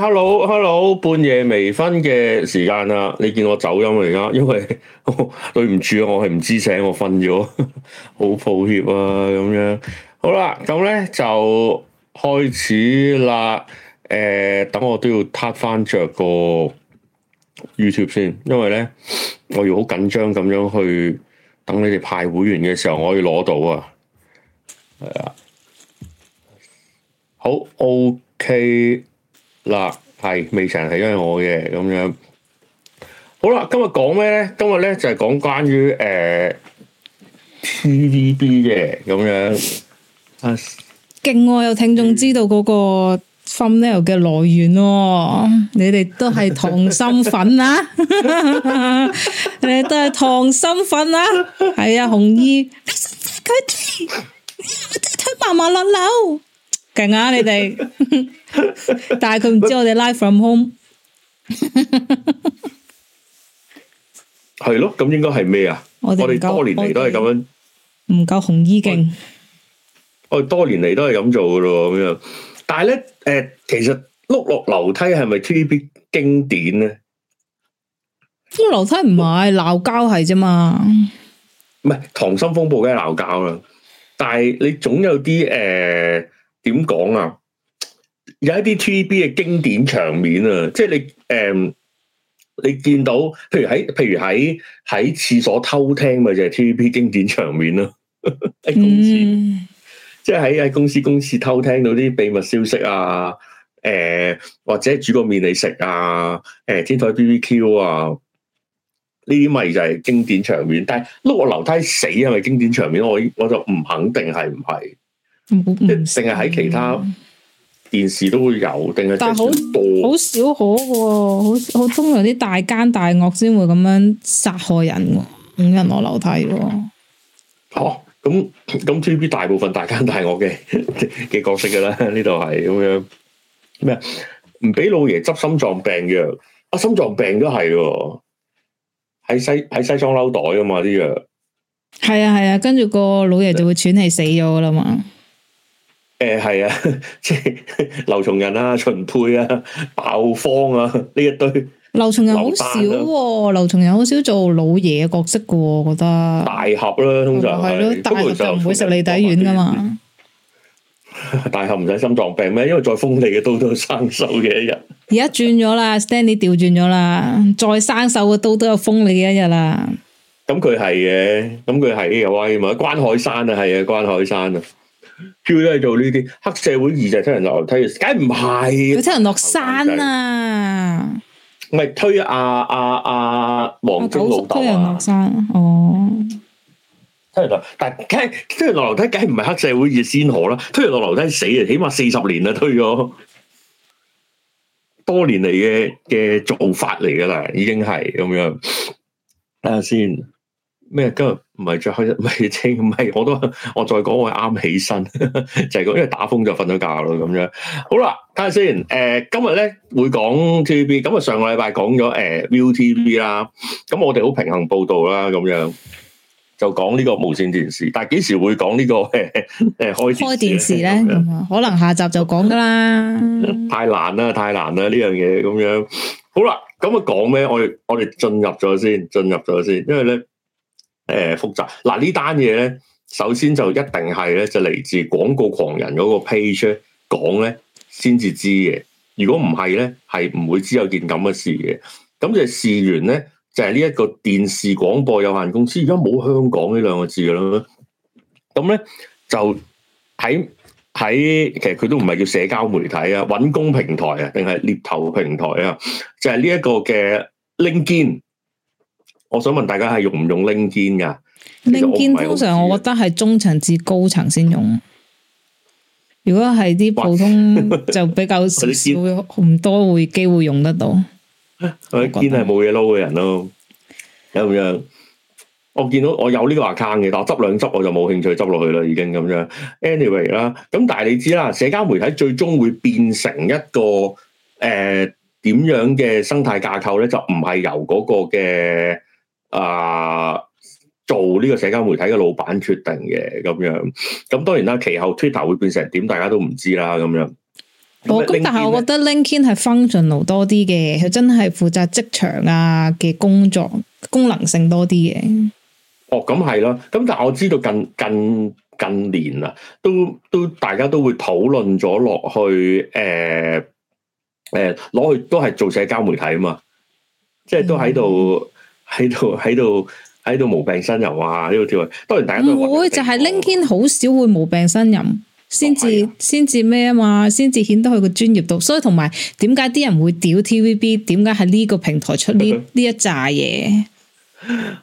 Hello，Hello，Hello，半夜未瞓嘅時間啦，你見我走音啊而家，因為呵呵對唔住啊，我係唔知醒，我瞓咗，好抱歉啊咁樣。好啦，咁咧就開始啦。誒、欸，等我都要撻返翻着個 YouTube 先，因為咧我要好緊張咁樣去等你哋派會員嘅時候，我可以攞到啊。係啊，好 OK。嗱，係未成係因為我嘅咁樣，好啦，今日講咩咧？今日咧就係講關於誒 TVB 嘅咁樣，勁喎，有聽眾知道嗰個 funnel 嘅來源，你哋都係溏心粉啊，你哋都係溏心粉啊，係啊，紅衣，佢哋，我真係推麻麻落樓。勁啊！你哋，但係佢唔知我哋 live from home。係咯，咁應該係咩啊？我哋多年嚟都係咁樣，唔夠紅衣勁。我哋多年嚟都係咁做噶咯，咁樣。但係咧，誒、呃，其實碌落樓梯係咪 TVB 經典咧？碌落樓梯唔係鬧交係啫嘛，唔係《溏心風暴》梗係鬧交啦。但係你總有啲誒。呃點講啊？有一啲 TVB 嘅經典場面啊，即係你誒、呃，你見到，譬如喺，譬如喺喺廁所偷聽咪就係 TVB 經典場面咯、啊。喺公司，嗯、即係喺喺公司公司偷聽到啲秘密消息啊，誒、呃、或者煮個麵你食啊，誒、呃、天台 BBQ 啊，呢啲咪就係經典場面。但係碌個樓梯死係咪經典場面？我我就唔肯定係唔係。唔唔，定係喺其他電視都會有，定係，但係好多好少可嘅，好好通常啲大奸大惡先會咁樣殺害人，五人落樓梯嘅、啊。吓咁咁，TVB 大部分大奸大惡嘅嘅角色噶啦，呢度係咁樣。咩唔俾老爺執心臟病藥？病啊，心臟病都係喺西喺西裝褸袋啊嘛，啲藥。係啊係啊，跟住、啊、個老爺就會喘氣死咗噶啦嘛。誒，係、欸、啊，即係劉松仁啊、秦沛啊、鮑方啊呢、啊、一堆、啊啊。劉松仁好少喎、啊，劉松仁好少做老爺角色嘅，我覺得。大俠啦、啊，通常係。咯、啊啊，大俠就唔會食脷底丸啊嘛大。大俠唔使心臟病咩？因為再鋒利嘅刀， 刀都有生鏽嘅一日。而家轉咗啦，Stanley 調轉咗啦，再生鏽嘅刀都有鋒利嘅一日啦。咁佢係嘅，咁佢係威啊！關海山啊，係啊，關海山啊。主要都係做呢啲黑社會二，就推人落樓梯，梗唔係？佢推人落山啊！咪推阿阿阿黃中老豆推人落山哦。推人落，但係推人落樓梯，梗係唔係黑社會二先河啦！推人落樓梯死啊，起碼四十年啦，推咗多年嚟嘅嘅做法嚟噶啦，已經係咁樣。睇下先，咩今唔係再，唔係唔係我都我再講，我啱起身就係講，因為打風就瞓咗覺咯，咁樣好啦，睇下先。誒，今日咧會講 T V B，咁啊上個禮拜講咗誒 ViuTV 啦，咁我哋好平衡報道啦，咁樣就講呢個無綫電視，但係幾時會講呢個誒誒開開電視咧？咁可能下集就講噶啦，太難啦，太難啦呢樣嘢，咁樣好啦，咁啊講咩？我哋我哋進入咗先，進入咗先，因為咧。誒，複雜嗱呢單嘢咧，首先就一定係咧，就嚟自廣告狂人嗰個 page 講咧，先至知嘅。如果唔係咧，係唔會知有件咁嘅事嘅。咁就事源咧，就係呢一個電視廣播有限公司，而家冇香港呢兩個字㗎啦。咁咧就喺喺，其實佢都唔係叫社交媒體啊，揾工平台啊，定係獵頭平台啊，就係呢一個嘅 LinkedIn 我想問大家係用唔用拎堅㗎？拎堅通常我覺得係中層至高層先用。如果係啲普通就比較少少，唔 多會機會用得到。拎堅係冇嘢撈嘅人咯，咁樣。我見到我有呢個 account 嘅，但我執兩執我就冇興趣執落去啦，已經咁樣。Anyway 啦，咁但係你知啦，社交媒體最終會變成一個誒點、呃、樣嘅生態架構咧，就唔係由嗰個嘅。啊！做呢個社交媒體嘅老闆決定嘅咁樣，咁當然啦，其後 Twitter 會變成點，大家都唔知啦咁樣。我咁、哦、咁樣但係，我覺得 LinkedIn 係 functional 多啲嘅，佢真係負責職場啊嘅工作功能性多啲嘅。哦，咁係咯，咁但係我知道近近近年啊，都都大家都會討論咗落去，誒、呃、誒，攞、呃、去都係做社交媒體啊嘛，即係都喺度、嗯。喺度喺度喺度無病呻吟啊！呢度跳，當然大家都唔會，就係拎堅好少會無病呻吟，先至先至咩啊嘛，先至顯得佢個專業度。所以同埋，點解啲人會屌 TVB？點解喺呢個平台出呢呢的一紮嘢？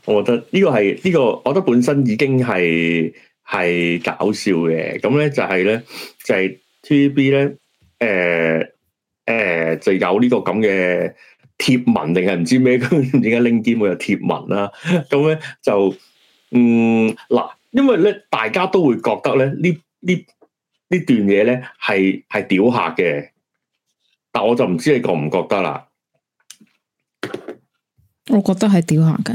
我覺得呢個係呢、呢個，我覺得本身已經係係搞笑嘅。咁咧就係咧就係、是、TVB 咧，誒、呃、誒、呃、就有呢個咁嘅。貼文定係唔知咩咁？點解拎堅我有貼文啦？咁咧就嗯，嗱，因為咧大家都會覺得咧呢呢呢段嘢咧係係屌客嘅，但我就唔知你覺唔覺得啦？我覺得係屌客噶，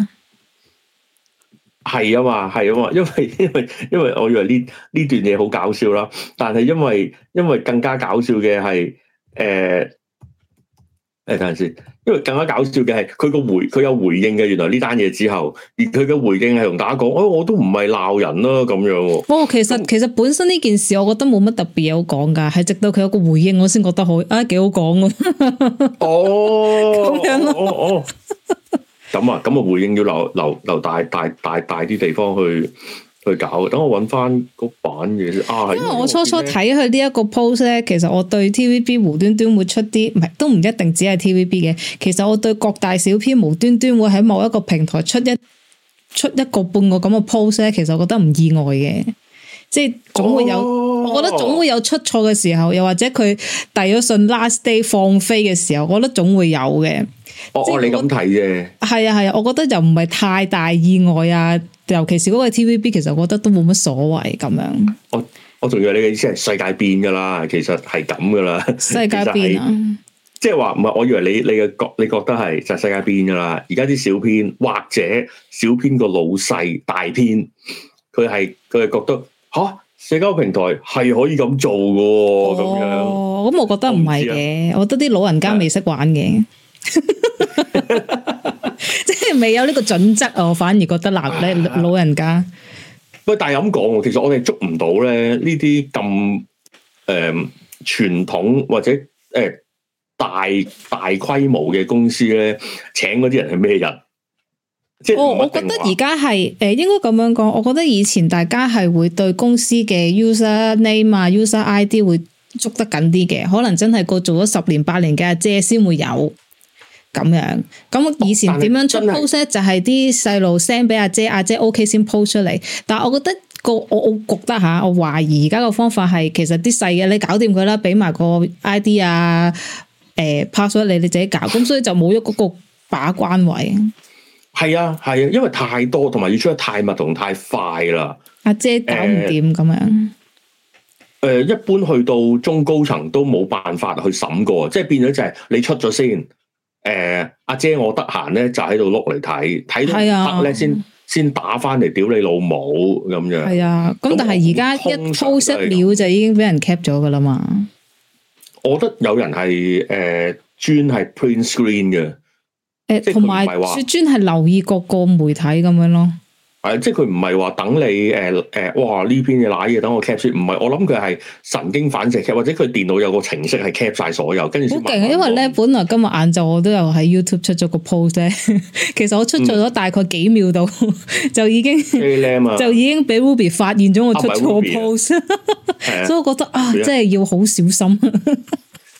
係啊嘛係啊嘛，因為因為因為我以為呢呢段嘢好搞笑啦，但係因為因為更加搞笑嘅係誒誒等陣先。因為更加搞笑嘅係佢個回佢有回應嘅，原來呢單嘢之後，而佢嘅回應係同大家講：哎，我都唔係鬧人啦，咁樣。哦，其實其實本身呢件事，我覺得冇乜特別嘢好講噶，係直到佢有個回應，我先覺得、哎、好， 哦、啊，幾好講咯。哦，咁、哦、咁啊，咁啊，回應要留留留大大大大啲地方去。去搞，等我揾翻個版嘅啊！因為我初初睇佢呢一個 post 咧，其實我對 T V B 無端端會出啲，唔係都唔一定只係 T V B 嘅。其實我對各大小編無端端會喺某一個平台出一出一個半個咁嘅 post 咧，其實我覺得唔意外嘅，即係總會有，哦、我覺得總會有出錯嘅時候，又或者佢遞咗信 last day 放飛嘅時候，我覺得總會有嘅。哦、我你咁睇啫，係啊係啊，我覺得又唔係太大意外啊。尤其是嗰個 TVB，其實我覺得都冇乜所謂咁樣。我我仲以為你嘅意思係世界變噶啦，其實係咁噶啦。世界變啊，即係話唔係？我以為你你嘅覺，你覺得係就係世界變噶啦。而家啲小編或者小編個老細大片，佢係佢係覺得吓、啊、社交平台係可以咁做嘅咁、哦、樣。咁我覺得唔係嘅，我覺得啲老人家未識玩嘅。是的 未有呢個準則，我反而覺得嗱，咧。老人家，喂、啊，但係咁講，其實我哋捉唔到咧呢啲咁誒傳統或者誒、呃、大大規模嘅公司咧，請嗰啲人係咩人？即係、哦、我覺得而家係誒，應該咁樣講。我覺得以前大家係會對公司嘅 user name、啊、user ID 會捉得緊啲嘅，可能真係過做咗十年八年嘅阿姐先會有。咁樣，咁以前點樣出 post 咧？就係啲細路 send 俾阿姐，阿、啊啊、姐 OK 先 post 出嚟。但係我覺得、那個我我覺得吓，我懷疑而家個方法係其實啲細嘅你搞掂佢啦，俾埋個 ID 啊，誒 p o s 你自己搞。咁所以就冇咗嗰個把關位。係啊係啊，因為太多同埋要出得太密同太快啦。阿、啊、姐搞唔掂咁樣。誒、呃，一般去到中高層都冇辦法去審過，即係變咗就係、是、你出咗先。誒，阿、呃、姐，我得閒咧就喺度碌嚟睇，睇到黑咧先先打翻嚟屌你老母咁樣，啊、樣。係啊，咁但係而家一 post 料就已經俾人 kept 咗噶啦嘛。我覺得有人係誒專係 print screen 嘅，誒同埋專係留意各個媒體咁樣咯。係，即係佢唔係話等你，誒、呃、誒，哇呢邊嘅嗱嘢等我 cap，唔係，我諗佢係神經反射 cap，或者佢電腦有個程式係 cap 晒所有，跟住好勁，因為咧本來今日晏晝我都有喺 YouTube 出咗個 post 啫。其實我出咗大概幾秒度、嗯、 就已經，就已經俾 Ruby 發現咗我出錯 post，所以我覺得啊，真係要好小心，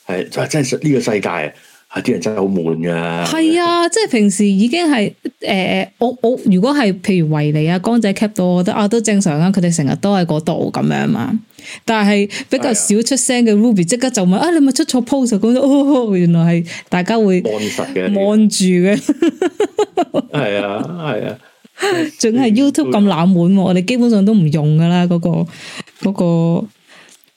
係， 真係呢個世界啊！啲人真係好悶噶，係啊，即係平時已經係誒誒，我我如果係譬如維尼啊，江仔 cap 到，我覺得啊都正常啦，佢哋成日都喺嗰度咁樣嘛。但係比較少出聲嘅 Ruby，即刻就問啊，啊，你咪出錯 post，覺得哦，原來係大家會望住嘅，望住嘅。係啊係啊，仲係 YouTube 咁冷門，啊、我哋基本上都唔用噶啦，嗰、嗰個、嗰個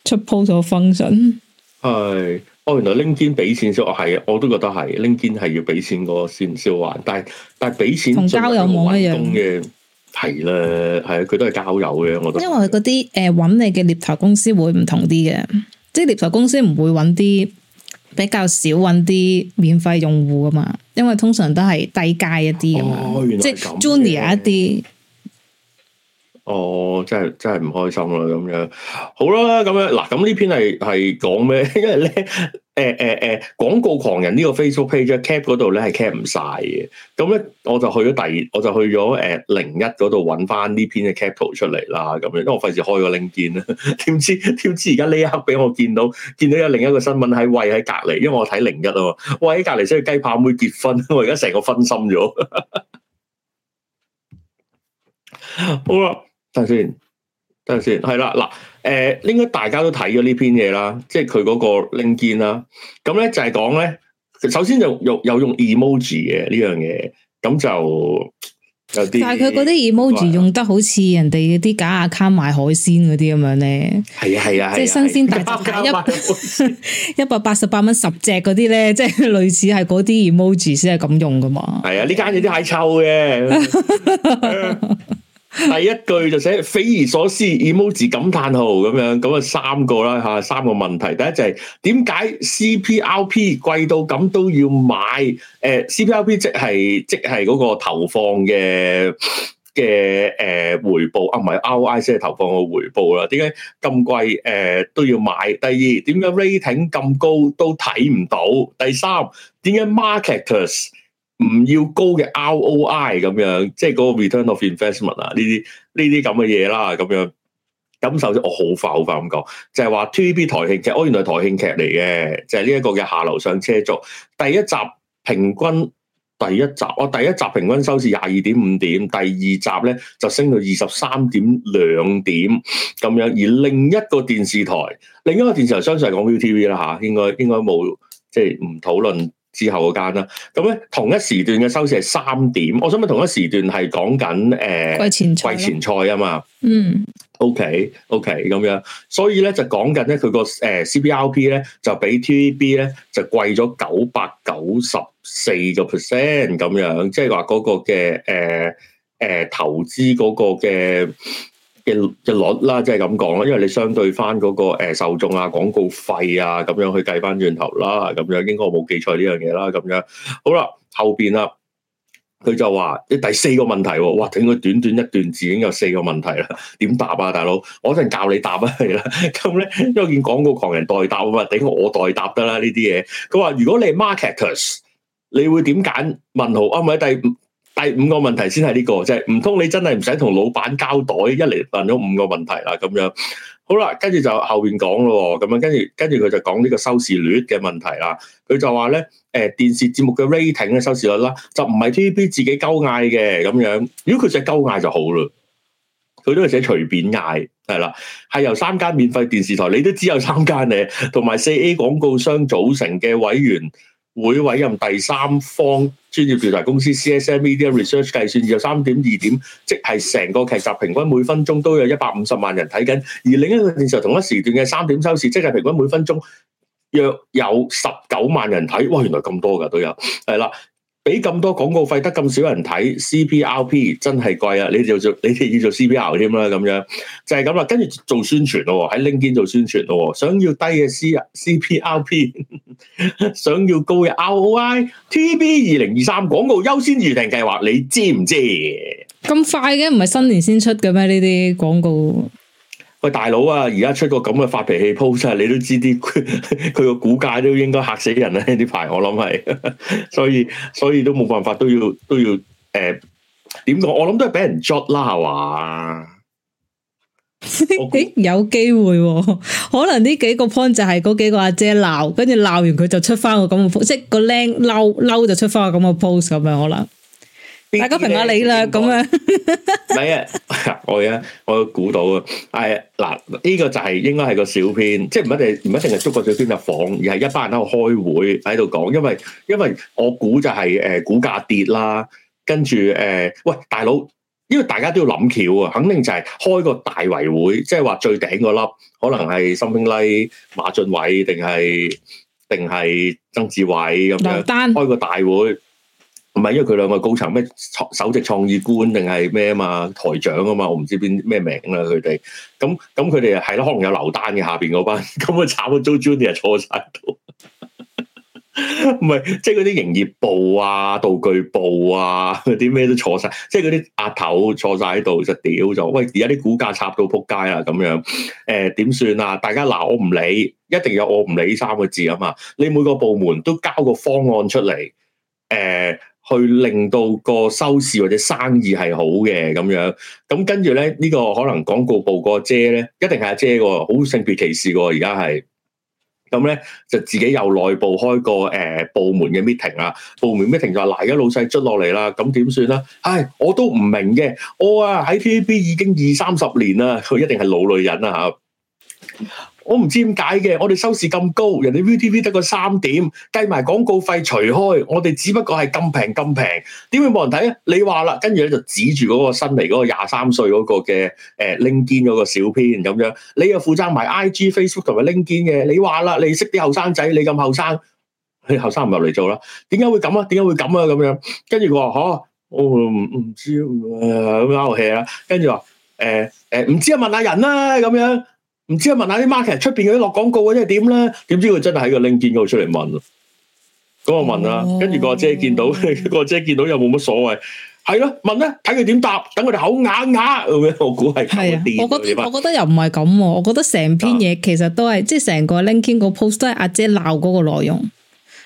出 post function 係。哦，原來拎堅俾錢先，哦係啊，我都覺得係，拎堅係要俾錢個先先還，但係但係俾錢有有同交友冇一吧樣嘅係啦，係啊，佢都係交友嘅，我覺得因為嗰啲誒搵你嘅獵頭公司會唔同啲嘅，即係獵頭公司唔會搵啲比較少搵啲免費用戶㗎嘛，因為通常都係低階一啲咁嘛，哦、即係 junior 一啲。哦，真係真係唔開心啦咁樣，好啦咁樣嗱，咁呢篇係係講咩？ 因為咧，誒誒誒廣告狂人呢個 Facebook page cap 嗰度咧係 cap 唔晒嘅，咁咧我就去咗第二，我就去咗誒零一嗰度揾翻呢篇嘅 cap 圖出嚟啦，咁樣，因為我費事開個 link 見啦，點知點知而家呢一刻俾我見到，見到有另一個新聞喺喂喺隔離，因為我睇零一啊嘛，喂喺隔離先，雞扒妹結婚，我而家成個分心咗， 好啦。等先，等先，係啦嗱，誒、呃，應該大家都睇咗呢篇嘢啦，即係佢嗰個 LinkedIn 啦。咁咧就係講咧，首先就用有用 emoji 嘅呢樣嘢，咁就有啲。但係佢嗰啲 emoji 用得好似人哋啲假 account 賣海鮮嗰啲咁樣咧。係啊係啊，啊啊啊即係新鮮大隻，一百八十八蚊十隻嗰啲咧，即係 類似係嗰啲 emoji 先係咁用噶嘛。係啊，呢、 啊、間嘢啲太臭嘅。 第一句就寫匪夷所思 emoji 感嘆號咁樣，咁啊三個啦、啊、三個問題。第一就係點解 CPRP 貴到咁都要買、呃、？CPRP 即係即係嗰個投放嘅嘅、呃、回報，啊唔係 RIS 投放嘅回報啦。點解咁貴都要買？第二點解 rating 咁高都睇唔到？第三點解 marketers？唔要高嘅 ROI 咁樣，即係嗰個 return of investment 啊，呢啲呢啲咁嘅嘢啦，咁樣咁首先我好快好快咁講，就係、是、話 TVB 台慶劇，哦原來台慶劇嚟嘅，就係呢一個嘅下流上車族，第一集平均第一集，哦第一集平均收視廿二點五點，第二集咧就升到二十三點兩點咁樣，而另一個電視台，另一個電視台相信係講 ViuTV 啦吓、啊，應該應該冇即係唔討論。之後嗰間啦，咁咧同一時段嘅收視係三點，我想問同一時段係講緊誒季前賽季前賽啊嘛，嗯，OK OK 咁樣，所以咧就講緊咧佢個誒 CPRP 咧就比 TVB 咧就貴咗九百九十四個 percent 咁樣，即係話嗰個嘅誒誒投資嗰個嘅。嘅嘅率啦，即係咁講啦，因為你相對翻嗰個受眾啊、廣告費啊咁樣去計翻轉頭啦，咁樣應該我冇記錯呢樣嘢啦，咁樣好啦，後邊啊，佢就話你第四個問題喎，哇，頂佢短短一段字已經有四個問題啦，點答啊？大佬，我陣教你答啦，咁 咧，因為見廣告狂人代答啊嘛，頂我代答得啦呢啲嘢。佢話如果你係 marketers，你會點揀問號啊？咪第？第五個問題先係呢個，即係唔通你真係唔使同老闆交代，一嚟問咗五個問題啦咁樣。好啦，跟住就後面講咯，咁樣跟住跟住佢就講呢個收視率嘅問題啦。佢就話咧，誒、呃、電視節目嘅 rating 嘅收視率啦，就唔係 TVB 自己鳩嗌嘅咁樣。如果佢就係鳩嗌就好啦。佢都係寫隨便嗌，係啦，係由三間免費電視台，你都知有三間咧，同埋四 A 廣告商組成嘅委員會委任第三方。專業調查公司 CSM Media Research 計算有，約三點二點，即係成個劇集平均每分鐘都有一百五十萬人睇緊；而另一個電視台同一時段嘅三點收視，即係平均每分鐘約有十九萬人睇。哇！原來咁多㗎都有，係啦。俾咁多廣告費，得咁少人睇，CPRP 真係貴啊！你哋做，你哋要做 CPR 添啦，咁、就係、樣就係咁啦。跟住做宣傳咯，喺拎堅做宣傳咯。想要低嘅 C CPRP， 想要高嘅 ROI，TVB 二零二三廣告優先預訂計劃，你知唔知？咁快嘅唔係新年先出嘅咩？呢啲廣告。佢大佬啊，而家出個咁嘅發脾氣 post，你都知啲佢個股價都應該嚇死人咧。呢排我諗係，所以所以都冇辦法，都要都要誒，點講？我諗都係俾人捉啦，係嘛？誒，有機會，可能呢幾個 point 就係嗰幾個阿姐鬧，跟住鬧完佢就出翻個咁嘅 post，即係個靚嬲嬲就出翻個咁嘅 post 咁樣可能。大家評下你啦，咁樣。係 啊，我啊，我都估到啊。係、哎、嗱、呢、這個就係應該係個小編，即係唔一定，唔一定係捉個小編入房，而係一班人喺度開會喺度講。因為因為我估就係、是、誒、呃、股價跌啦，跟住誒、呃、喂大佬，因為大家都要諗橋啊，肯定就係開個大圍會，即係話最頂個粒，可能係森冰麗、馬俊偉，定係定係曾志偉咁樣，單開個大會。唔係，因為佢兩個高層咩首席創意官定係咩啊嘛，台長啊嘛，我唔知邊咩名啦佢哋。咁咁佢哋係咯，可能有流單嘅下面嗰班。咁啊，炒個 JoJo 又坐晒度，唔係即係嗰啲營業部啊、道具部啊、啲咩都坐晒，即係嗰啲阿頭坐晒喺度就屌咗。喂，而家啲股價插到仆街啊，咁樣誒點、呃、算啊？大家鬧，我唔理，一定有我唔理三個字啊嘛。你每個部門都交個方案出嚟去令到個收視或者生意係好嘅咁樣，咁跟住咧呢、呢個可能廣告部個姐咧，一定係阿姐喎，好性別歧視喎，而家係，咁咧就自己由內部開個誒部門嘅 meeting 啦，部門 meeting 就話嗱，而家老細出落嚟啦，咁點算咧？唉，我都唔明嘅，我啊喺 TVB 已經二三十年啦，佢一定係老女人啦嚇。啊我唔知點解嘅，我哋收視咁高，人哋 VTV 得個三點，計埋廣告費除開，我哋只不過係咁平咁平，點會冇人睇啊？你話啦，跟住咧就指住嗰個新嚟嗰個廿三歲嗰個嘅誒拎堅嗰個小編咁樣，你又負責埋 IG、Facebook 同埋拎堅嘅，你話啦，你識啲後生仔，你咁後生，你後生唔入嚟做啦？點解會咁啊？點解會咁啊？咁樣，跟住佢話嚇，我唔唔知咁鳩氣啦，跟住話誒誒，唔知啊，問下人啦咁樣。唔知啊，問下啲 market 出邊嗰啲落廣告啊，即係點咧？點知佢真係喺個 LinkedIn 嗰度出嚟，問嗰咁我問啊，跟住個阿姐見到，個阿姐見到又冇乜所謂，係咯，問啦，睇佢點答，等佢哋口啞啞，我估係啲我覺我覺得又唔係咁，我覺得成篇嘢，其實都係、嗯、即係成個 LinkedIn 個 post 都係阿姐鬧嗰個內容。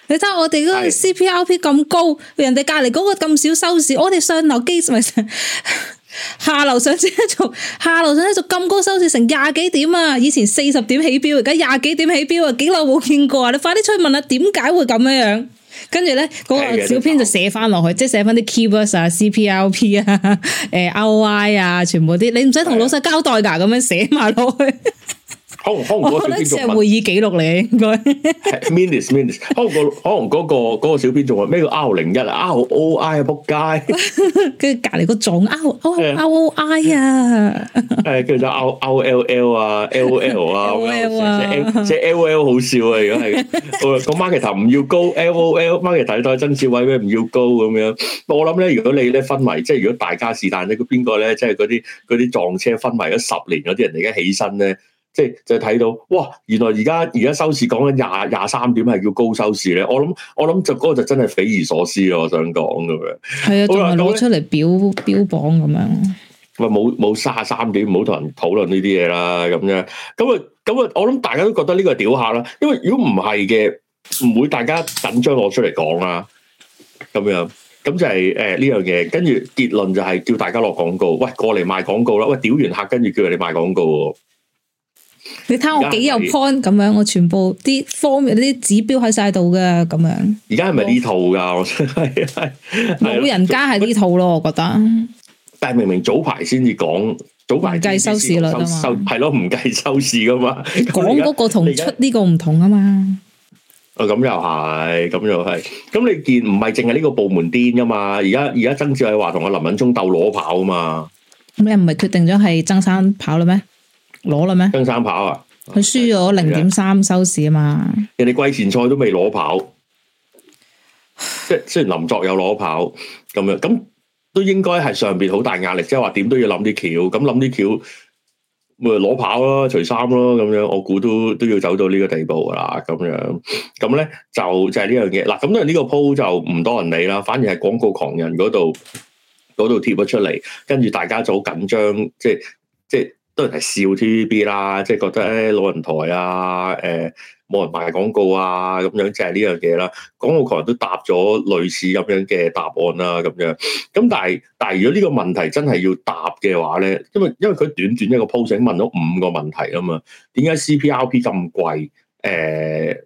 你睇下我哋嗰個 CPRP 咁高，的人哋隔籬嗰個咁少收視，我哋上樓機咪？ 下樓上一組，下樓上一組咁高收視成廿幾點啊？以前四十點起標，而家廿幾點起標啊？幾耐冇見過啊？你快啲出去問下點解會咁樣樣？跟住咧，嗰個小編就寫翻落去，是的即係寫翻啲 keywords 啊、CPRP 啊、誒 ROI 啊，全部啲，你唔使同老細交代噶，咁樣寫埋落去。可能可能嗰小編仲問，我呢隻會議記錄嚟，應該 minutes minutes。可能可能嗰個嗰個小編仲話咩叫 R 零一啊，R O I 仆街，跟住隔離個撞 R R R O I 啊，誒叫做 R R L L 啊，L O L 啊，L L 寫 L L 好笑啊，而家係個 market 頭唔要高，L O L market 頭睇真少位咩唔要高咁樣。不過我諗咧，如果你咧分埋，即係如果大家是但咧，邊個咧即係嗰啲嗰啲撞車分埋咗十年嗰啲人，而家起身咧。即係就睇到，哇！原來而家而家收視講緊廿廿三點係叫高收視咧。我諗我諗就嗰個就真係匪夷所思咯。我想講咁樣，係啊，仲係攞出嚟表標榜咁樣。咪冇冇卅三點，唔好同人討論呢啲嘢啦。咁樣咁啊咁啊，我諗大家都覺得呢個係屌客啦。因為如果唔係嘅，唔會大家緊張攞出嚟講啦。咁樣咁就係誒呢樣嘢。跟住結論就係叫大家落廣告，喂過嚟賣廣告啦。喂屌完客，跟住叫你賣廣告。你睇我幾有 point 咁樣，我全部啲方面啲指標喺晒度嘅咁樣。而家係咪呢套噶？係係冇人家係呢套咯，總我覺得。但係明明早排先至講，早排計收視率收嘛，係咯，唔計收視噶嘛。講嗰個，在出個同出呢個唔同啊嘛。啊、哦，咁又係，咁又係，咁你見唔係淨係呢個部門癲噶嘛？而家而家曾志偉話同阿林敏驄鬥裸跑啊嘛。你唔係決定咗係爭三跑啦咩？攞啦咩？登山跑啊！佢輸咗零點三收市啊嘛。人哋季前賽都未攞跑， 即係雖然林作有攞跑咁樣，咁都應該係上面好大壓力，即係話點都要諗啲橋，咁諗啲橋，咪攞跑咯，除衫咯，咁樣我估都都要走到呢個地步就就啦，咁樣咁咧就就係呢樣嘢嗱，咁當然呢個鋪就唔多人理啦，反而係廣告狂人嗰度嗰度貼咗出嚟，跟住大家就好緊張，即係。都係笑 TVB 啦，即、就、係、是、覺得誒老人台啊，誒、欸、冇人賣廣告啊，咁樣即係呢樣嘢啦。廣告狂都答咗類似咁樣嘅答案啦、啊，咁樣。咁但係，但係如果呢個問題真係要答嘅話咧，因為因為佢短短一個 posting 問咗五個問題啊嘛。點解 CPRP 咁貴？誒、欸、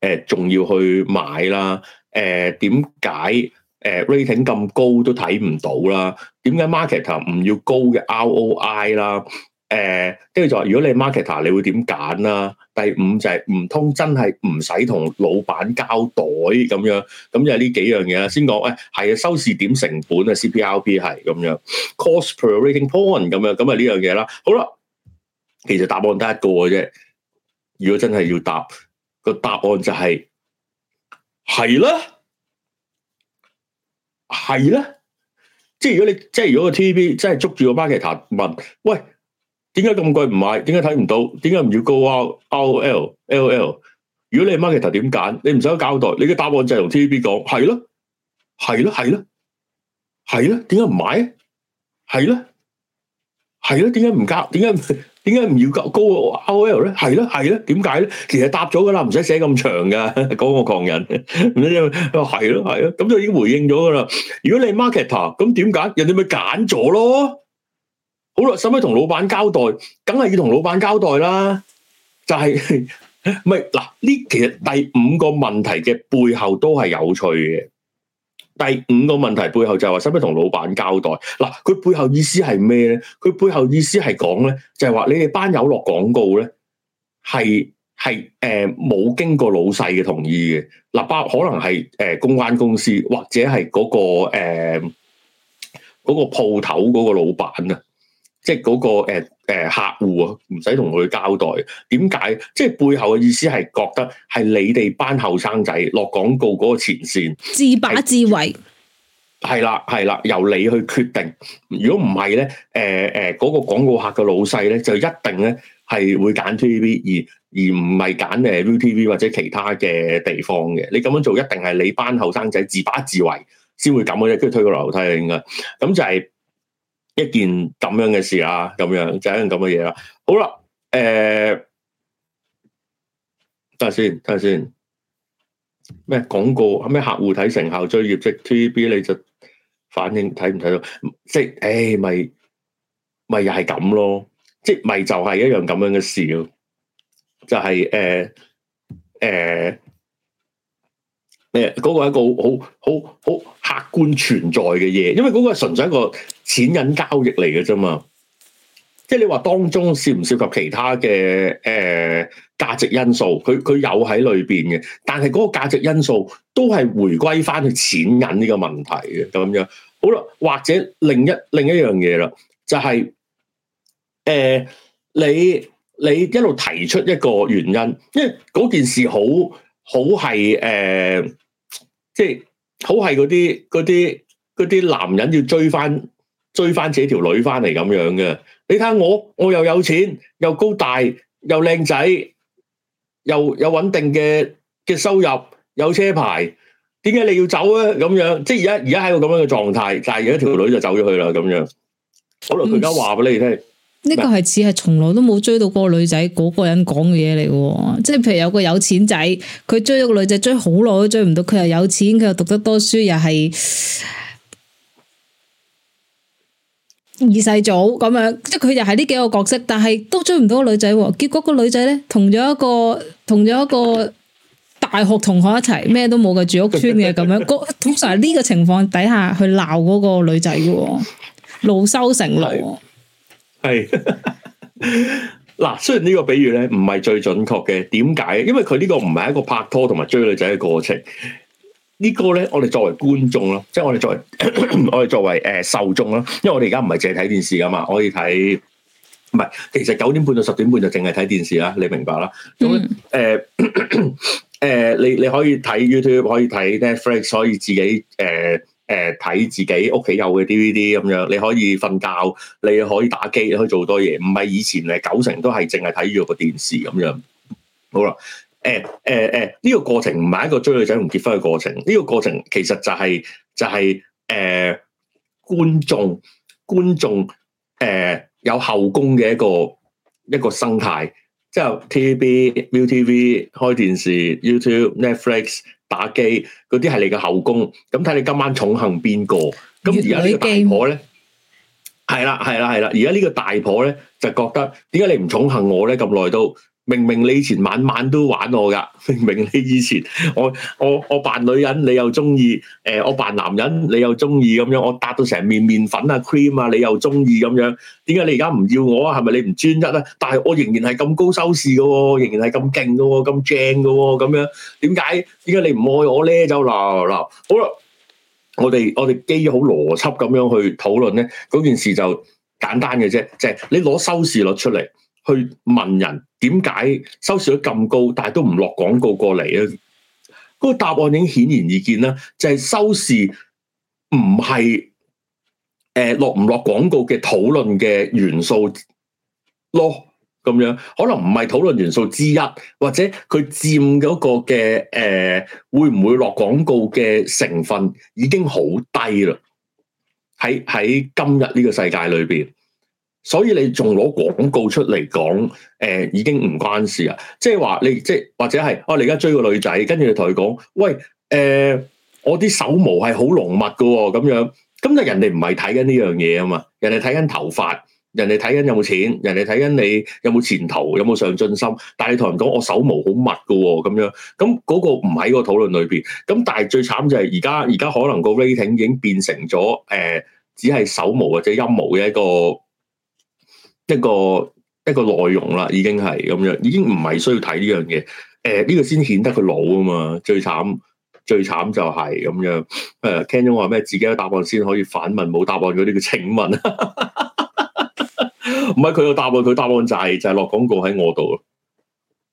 誒，仲、欸、要去買啦？誒點解？誒、呃、rating 咁高都睇唔到啦，點解 marketer 唔要高嘅 ROI 啦？誒、呃，跟住就話如果你 marketer 你會點揀啦？第五就係唔通真係唔使同老闆交代咁樣，咁就係呢幾樣嘢啦。先講誒，係、哎、啊，收視點成本啊，CPRP 係咁樣，cost per rating point 咁樣，咁啊呢樣嘢啦。好啦，其實答案得一個嘅啫。如果真係要答，個答案就係係啦。係咧，即係如果你即係如果個 TVB 真係捉住個 market 頭問，喂，點解咁貴唔買？點解睇唔到？點解唔要 GoR、o l l l 如果你係 market 頭點揀？你唔使交代，你嘅答案就係同 TVB 講，係囉，係囉，係囉，係囉，點解唔買？係囉。係咯，點解唔加？點解點解唔要加高 OL 咧？係咯，係咯，點解咧？其實答咗噶啦，唔使寫咁長噶嗰個狂人，咁啫嘛。係咯，係咯，咁就已經回應咗噶啦。如果你係 marketer，咁點揀？人哋咪揀咗咯。好啦，使唔使同老闆交代？梗係要同老闆交代啦。就係咪嗱？呢其實第五個問題嘅背後都係有趣嘅。第五個問題背後就係話，使唔使同老闆交代？嗱，佢背後意思係咩咧？佢背後意思係講咧，就係、是、話你哋班友落廣告咧，係係誒冇經過老細嘅同意嘅。嗱、呃、包可能係誒、呃、公關公司或者係嗰、嗰個誒嗰、呃嗰個鋪頭嗰個老闆啊。即係嗰個客戶啊，唔使同佢交代。點解？即係背後嘅意思係覺得係你哋班後生仔落廣告嗰個前線，自把自為。係啦，係啦，由你去決定。如果唔係咧，誒誒嗰個廣告客嘅老細咧，就一定咧係會揀 TVB 而而唔係揀誒 VTV 或者其他嘅地方嘅。你咁樣做一定係你班後生仔自把自為先會咁嘅啫，跟住推個樓梯應該咁就係。一件咁樣嘅事啊，咁樣就一樣咁嘅嘢啦。好啦，誒、呃，等下先，等下先。咩廣告？咩客戶睇成效追業績？TVB 你就反應睇唔睇到？即係誒，咪咪又係咁咯？即係咪就係一樣咁樣嘅事咯，啊？就係誒誒。呃呃誒，嗰個係一個好好好客觀存在嘅嘢，因為嗰個純屬一個錢銀交易嚟嘅啫嘛。即係你話當中涉唔涉及其他嘅誒價值因素，佢佢有喺裏邊嘅，但係嗰個價值因素都係回歸翻去錢銀呢個問題嘅咁樣。好啦，或者另一另一樣嘢啦，就係、是、誒、呃、你你一路提出一個原因，因為嗰件事好好係誒。即係好係嗰啲、嗰啲、嗰啲男人要追翻追翻自己條女翻嚟，咁樣嘅，你睇下我我又有錢又高大又靚仔又有穩定嘅嘅收入，有車牌，點解你要走啊？咁樣即係而家而家喺個咁樣嘅狀態，但係而家條女就走咗去啦咁樣。好，好啦，佢而家話俾你聽。呢個係似係從來都冇追到嗰個女仔，嗰個人講嘅嘢嚟嘅。即係譬如有個有錢仔，佢追咗個女仔追好耐都追唔到，佢又有錢，佢又讀得多書，又係二世祖咁樣，即係佢又係呢幾個角色，但係都追唔到個女仔。結果個女仔咧同咗一個同咗一個大學同學一齊，咩都冇嘅住屋村嘅咁樣，通常係呢個情況底下去鬧嗰個女仔嘅，惱羞成怒。係嗱， 雖然呢個比喻咧唔係最準確嘅，點解？因為佢呢個唔係一個拍拖同埋追女仔嘅過程。呢、這個咧，我哋作為觀眾咯，即係我哋作為咳咳我哋作為誒、呃、受眾咯。因為我哋而家唔係淨係睇電視㗎嘛，可以睇唔係。其實九點半到十點半就淨係睇電視啦，你明白啦。咁誒誒，你你可以睇 YouTube，可以睇 Netflix，可以自己誒。呃誒，睇、呃、自己屋企有嘅 DVD 咁樣，你可以瞓覺，你可以打機，可以做多嘢，唔係以前係九成都係淨係睇住個電視咁樣。好啦，誒誒誒，呢、呃呃這個過程唔係一個追女仔唔結婚嘅過程，呢、這個過程其實就係、是、就係、是、誒、呃、觀眾觀眾誒有後宮嘅一個一個生態，即、就、係、是、TVB、ViuTV 開電視、YouTube、Netflix。打機嗰啲係你嘅後宮，咁睇你今晚寵幸邊個？咁而家呢個大婆咧，係啦係啦係啦，而家呢個大婆咧就覺得，點解你唔寵幸我咧？咁耐都。明明你以前晚晚都玩我噶，明明你以前我我我扮女人你又中意，誒、呃、我扮男人你又中意咁樣，我搭到成面面粉啊 cream 啊你又中意咁樣，點解你而家唔要我啊？係咪你唔專一呢、啊？但係我仍然係咁高收視嘅、哦，仍然係咁勁嘅，咁正嘅、哦，咁樣點解？點解你唔愛我咧？就嗱嗱好啦，我哋我哋基於好邏輯咁樣去討論咧，嗰件事就簡單嘅啫，即、就、係、是、你攞收視率出嚟。去問人點解收視率咁高，但係都唔落廣告過嚟咧？嗰、那個答案已經顯然易見啦，就係、是、收視唔係落唔落廣告嘅討論嘅元素咯，咁樣可能唔係討論元素之一，或者佢佔嗰個嘅誒、呃、會唔會落廣告嘅成分已經好低啦。喺喺今日呢個世界裏面。所以你仲攞廣告出嚟講，誒、呃、已經唔關事、就是、啊！即係話你，即係或者係你而家追個女仔，跟住你同佢講，喂，誒、呃、我啲手毛係好濃密㗎喎、哦，咁樣，咁就人哋唔係睇緊呢樣嘢啊嘛，人哋睇緊頭髮，人哋睇緊有冇錢，人哋睇緊你有冇前途，有冇上進心。但係你同人講我手毛好密㗎喎、哦，咁樣，咁嗰、那個唔喺個討論裏面。咁但係最慘就係而家，而家可能個 rating 已經變成咗，誒、呃、只係手毛或者陰毛嘅一個。一個一個內容啦，已經係咁樣，已經唔係需要睇呢樣嘢。誒、呃，呢、這個先顯得佢老啊嘛。最慘最慘就係咁樣。誒，聽咗我話咩？自己有答案先可以反問，冇答案嗰啲叫請問啊。唔係佢有答案，佢、這個、 答，答案就係就係落廣告喺我度，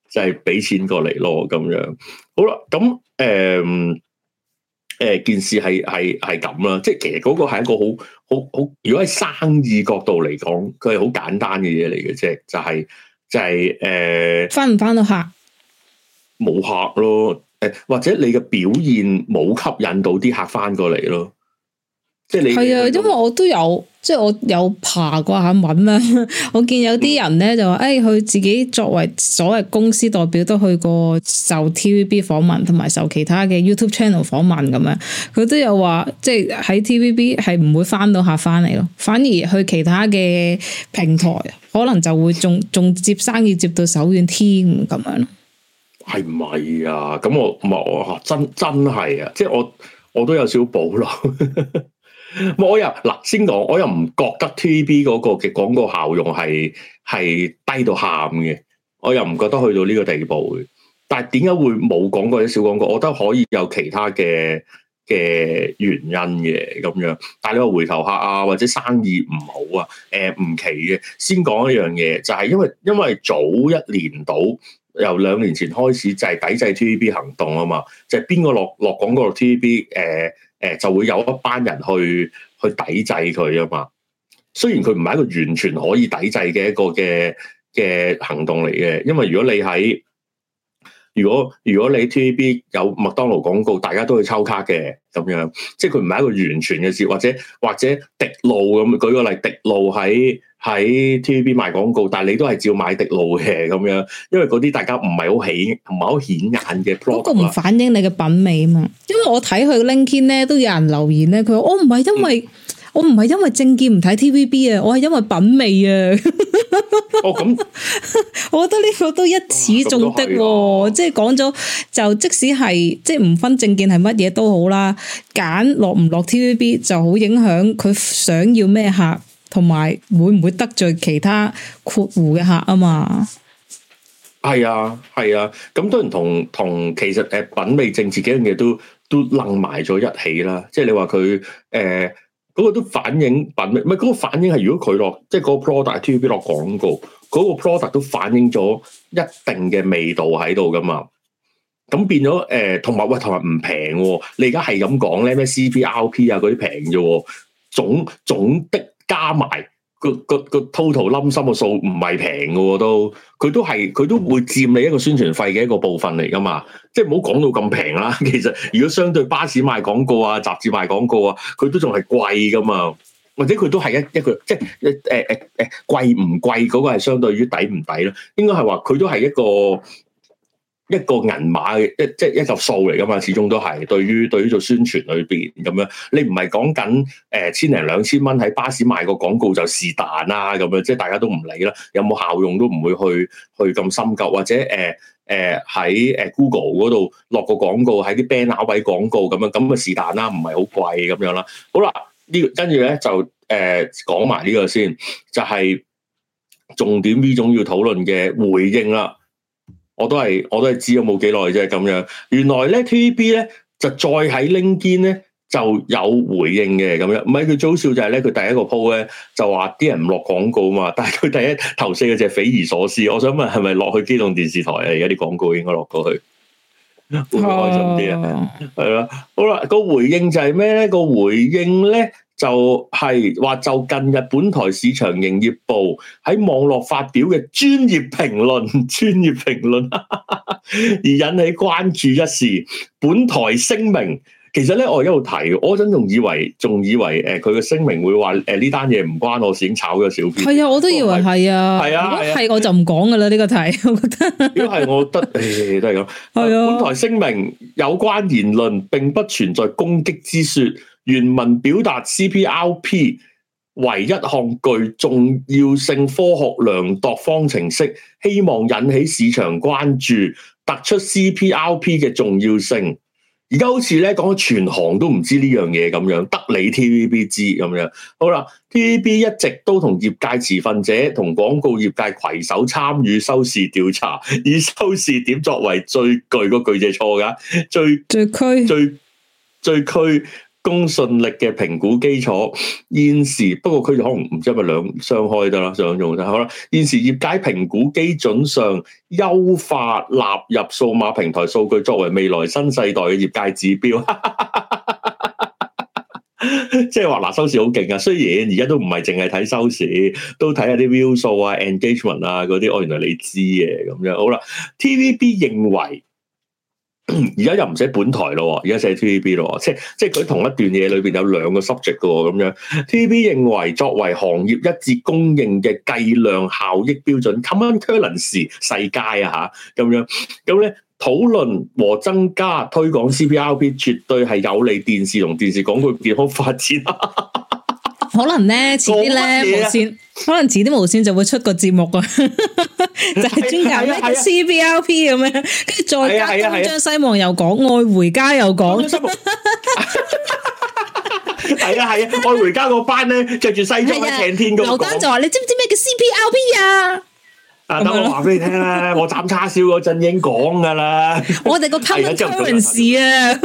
就係、是、俾、就是、錢過嚟咯。咁樣好啦，咁誒。呃誒、呃、件事係係係咁啦，即係其實嗰個係一個好好好，如果喺生意角度嚟講，佢係好簡單嘅嘢嚟嘅啫，就係、是、就係、是、誒，呃、返唔返到客，冇客咯，誒、呃、或者你嘅表現冇吸引到啲客返過嚟咯。係啊，因為我都有，即係我有爬過下文啊。我見有啲人咧，就話，誒、哎，佢自己作為所謂公司代表都去過受 TVB 訪問，同埋受其他嘅 YouTube channel 訪問咁樣。佢都有話，即係喺 TVB 係唔會翻到下翻嚟咯，反而去其他嘅平台，可能就會仲仲接生意接到手軟添咁樣咯。係咪啊？咁我唔係我真真係啊！即係我我都有少保留。 我又嗱，先講，我又唔覺得 T V B 嗰個嘅廣告效用係係低到喊嘅，我又唔覺得去到呢個地步嘅。但係點解會冇廣告，或者少廣告？我都可以有其他嘅嘅原因嘅咁樣。但係你話回頭客啊，或者生意唔好啊，誒唔奇嘅。先講一樣嘢，就係、是、因為因為早一年到由兩年前開始就係抵制 T V B 行動啊嘛，就係邊個落落廣告 T V B 誒、啊。誒就會有一班人去去抵制佢啊嘛，雖然佢唔係一個完全可以抵制嘅一個嘅嘅行動嚟嘅，因為如果你喺如果如果你 TVB 有麥當勞廣告，大家都去抽卡嘅咁樣，即係佢唔係一個完全嘅事，或者或者迪路。咁舉個例，迪路喺。喺 TVB 賣廣告，但係你都係照買迪路嘅咁樣，因為嗰啲大家唔係好顯唔係好顯眼嘅 product 個唔反映你嘅品味啊嘛，因為我睇佢 LinkedIn 咧都有人留言咧，佢話我唔係因為、嗯、我唔係因為政見唔睇 TVB 啊，我係因為品味啊。 哦咁，我覺得呢個都一矢中的，嗯、即係講咗就即使係即係唔分政見係乜嘢都好啦，揀落唔落 TVB 就好影響佢想要咩客。同埋會唔會得罪其他括戶嘅客啊嘛？係啊，係啊，咁、啊、當然同同其實誒品味政治幾樣嘢都都楞埋咗一起啦。即係你話佢誒嗰個都反映品味，唔係嗰個反映係如果佢落即係嗰個 product TVB 落廣告嗰、嗰個 product 都反映咗一定嘅味道喺度噶嘛。咁變咗誒，同埋喂，同埋唔平喎。你而家係咁講咧，咩 CPRP 啊嗰啲平啫喎，總總的。加埋個個個 total 冧心嘅數唔係平嘅喎，都佢都係佢都會佔你一個宣傳費嘅一個部分嚟㗎嘛，即係唔好講到咁平啦。其實如果相對巴士賣廣告啊、雜誌賣廣告啊，佢都仲係貴㗎嘛，或者佢都係一一個即係一、欸欸欸、貴唔貴嗰個係相對於抵唔抵咯，應該係話佢都係一個。一個銀碼嘅一即係一嚿數嚟㗎嘛，始終都係對於對於做宣傳裏邊咁樣，你唔係講緊誒千零兩千蚊喺巴士賣個廣告就是但啦咁樣，即係大家都唔理啦，有冇效用都唔會去去咁深究，或者誒誒、呃、喺誒、呃、Google 嗰度落個廣告喺啲 banner 位廣告咁樣，咁咪、啊、是但啦，唔係好貴咁樣啦。好啦，這個、呢跟住咧就誒、呃、講埋呢個先，就係、是、重點呢種要討論嘅回應啦。我都係，我都係知咗冇幾耐啫，咁樣。原來咧，TVB 咧就再喺拎堅咧就有回應嘅咁樣。唔係佢最好笑就係咧，佢第一個鋪咧就話啲人唔落廣告嘛。但係佢第一頭四嗰隻匪夷所思。我想問係咪落去機動電視台啊？而家啲廣告應該落過去，uh、會唔會開心啲啊？係啦、uh，好啦，個回應就係咩咧？個回應咧。就係話就近日本台市場營業部喺網絡發表嘅專業評論，專業評論而引起關注一事，本台聲明。其實咧，我喺度提，我嗰陣仲以為仲以為誒，佢嘅聲明會話誒呢單嘢唔關我事，炒咗少少。係啊，我都以為係啊。係啊，如果係我就唔講噶啦，呢個題我覺得。如果係，我覺得誒都係咁。係啊。本台聲明有關言論並不存在攻擊之說。原文表達 CPRP 為一項具重要性科學量度方程式，希望引起市場關注，突出 CPRP 嘅重要性。而家好似咧講到全行都唔知呢樣嘢咁樣，得你 TVB 知咁樣。好啦，TVB 一直都同業界持份者同廣告業界攜手參與收視調查，以收視點作為最具個巨借錯㗎最最區區最最區。公信力嘅評估基礎，現時不過佢可能唔知係咪兩雙開得啦，想用就好啦。現時業界評估基準上優化納入數碼平台數據作為未來新世代嘅業界指標，即係話嗱收視好勁啊！雖然而家都唔係淨係睇收視都睇下啲 view 數啊、engagement 啊嗰啲。哦，原來你知嘅咁樣好啦。TVB 認為。而家又唔寫本台咯，而家寫 T V B 咯，即即係佢同一段嘢裏面有兩個 subject 嘅咁樣。T V B 認為作為行業一致公認嘅計量效益標準，common currency 世界啊嚇咁樣，咁咧討論和增加推廣 CPRP 絕對係有利電視同電視廣告健康發展呵呵可能咧，遲啲咧無綫，可能遲啲無綫就會出個節目啊，就係專搞咩 CPRP 咁樣，跟住再東張西望又講，愛回家又講，係啊係啊，愛回家個班咧着住西裝晴天咁講，就話你知唔知咩叫 CPRP 啊？啊，等我話俾你聽啦，我斬叉燒嗰陣已經講噶啦，我哋個偷窺人士啊。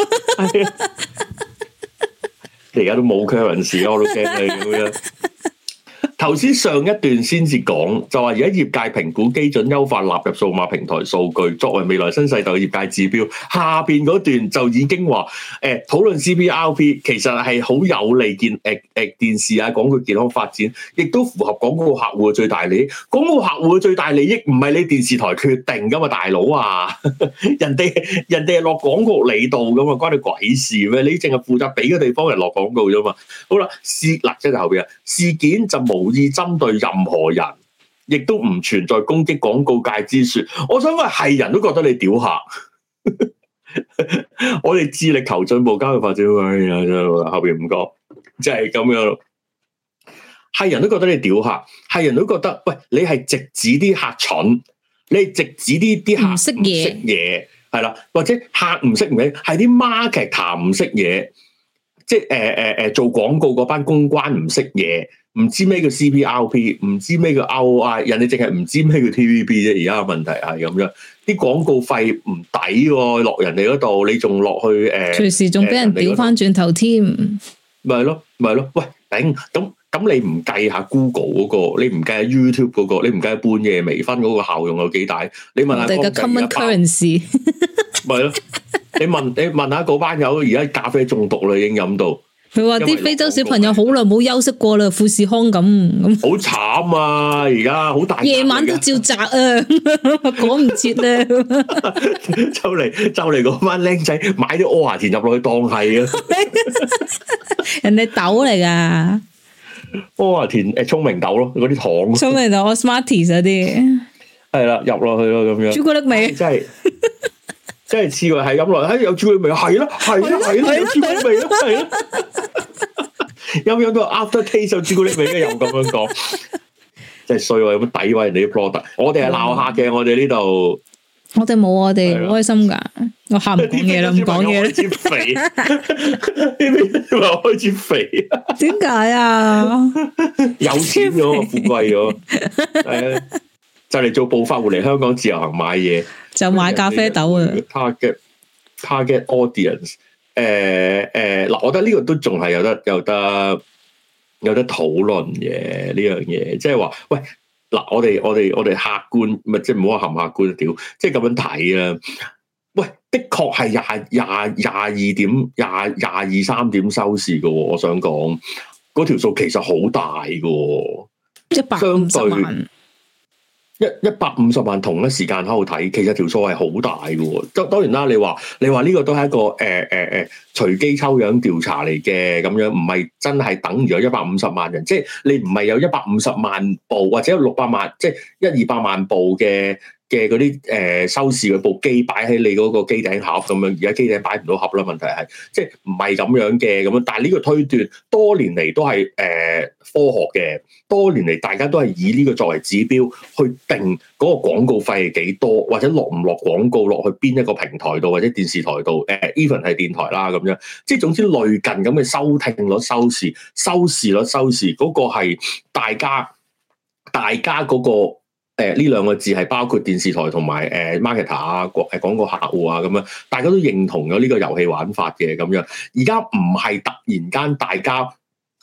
而家都冇缺人事，我都驚你咁樣 頭先上一段先至講，就話而家業界評估基準優化納入數碼平台數據，作為未來新世代嘅業界指標。下邊嗰段就已經話，誒討論 CPRP，其實係好有利健誒誒電視啊廣、欸、告健康發展，亦都符合廣告客戶嘅最大利益。廣告客戶嘅最大利益唔係你電視台決定噶嘛，大佬啊， 人哋人哋落廣告嚟度噶嘛，關你鬼事咩？你淨係負責俾個地方人落廣告啫嘛。好啦，事嗱即係後邊啊，事件就冇。無意針對任何人，亦都唔存在攻擊廣告界之說。我想話係人都覺得你屌客， 我哋致力求進步、教育發展。哎呀，真係後邊唔講，即係咁樣。係人都覺得你屌客，係人都覺得喂，你係直指啲客蠢，你係直指啲啲客唔識嘢，係啦，或者客唔識嘢，係啲 marketing 唔識嘢。即係誒誒誒，做廣告嗰班公關唔識嘢，唔知咩叫 CPRP，唔知咩叫 ROI，人哋淨係唔知咩叫 TVB 啫。而家問題係咁樣，啲廣告費唔抵喎、哦，落人哋嗰度，你仲落去誒，隨、呃、時仲俾人屌翻轉頭添。咪咯、嗯，咪、嗯、咯、就是就是，喂頂，咁咁你唔計下 Google 嗰、那個，你唔計下 YouTube 嗰、那個，你唔計下半夜微醺嗰個效用有幾大？你問下個。個 common currency 咯。 你問你問下嗰班友，而家咖啡中毒啦，已經飲到。佢話啲非洲小朋友好耐冇休息過啦，富士康咁咁。好慘啊！而家好大夜晚都照摘啊，趕唔切啊。就嚟就嚟，嗰班僆仔買啲阿華田入落去當係啊。人哋豆嚟噶阿華田誒，聰明豆咯，嗰啲糖聰明豆，我 smarties 嗰啲係啦，入落去咯咁樣，朱古力味真係。真係似佢係飲落，有朱古力味，係啦，係啦，係朱古力味啦，係啦，飲飲到 after taste 有朱古力味，又咁樣講，即係衰喎，有冇詆毀人哋啲 product？我哋係鬧客嘅，我哋呢度，我哋冇，我哋開心噶，我喊唔掂嘢啦，講嘢開始肥，呢啲咪開始肥，點解啊？有錢咗，富貴咗，係啊，就嚟做暴發戶嚟香港自由行買嘢。就買咖啡豆啊！Target target audience，誒、呃、誒，嗱、呃，我覺得呢個都仲係有得有得有得討論嘅呢樣嘢，即係話，喂，嗱，我哋我哋我哋客觀，咪即係唔好話含客觀屌，即係咁樣睇啊。喂，的確係廿廿廿二點廿廿二三點收視噶，我想講嗰條數其實好大噶，百萬相對。一一百五十萬同一時間喺度睇，其實條數係好大嘅。咁當然啦，你話你話呢個都係一個誒誒誒隨機抽樣調查嚟嘅，咁樣唔係真係等於有一百五十萬人，即係你唔係有一百五十萬部或者有六百萬，即係一二百萬部嘅。嘅嗰啲誒收視嗰部機擺喺你嗰個機頂盒咁樣，而家機頂擺唔到盒啦。問題係即係唔係咁樣嘅咁樣，但係呢個推斷多年嚟都係誒、呃、科學嘅，多年嚟大家都係以呢個作為指標去定嗰個廣告費係幾多，或者落唔落廣告落去邊一個平台度或者電視台度誒？Even 係電台啦咁樣，即係總之類近咁嘅收聽率、收視收視率、收視嗰、嗰個係大家大家嗰、嗰個誒，呢兩個字係包括電視台同埋誒 market 啊，講誒，廣告客戶啊，咁樣，大家都認同咗呢個遊戲玩法嘅咁樣。而家唔係突然間大家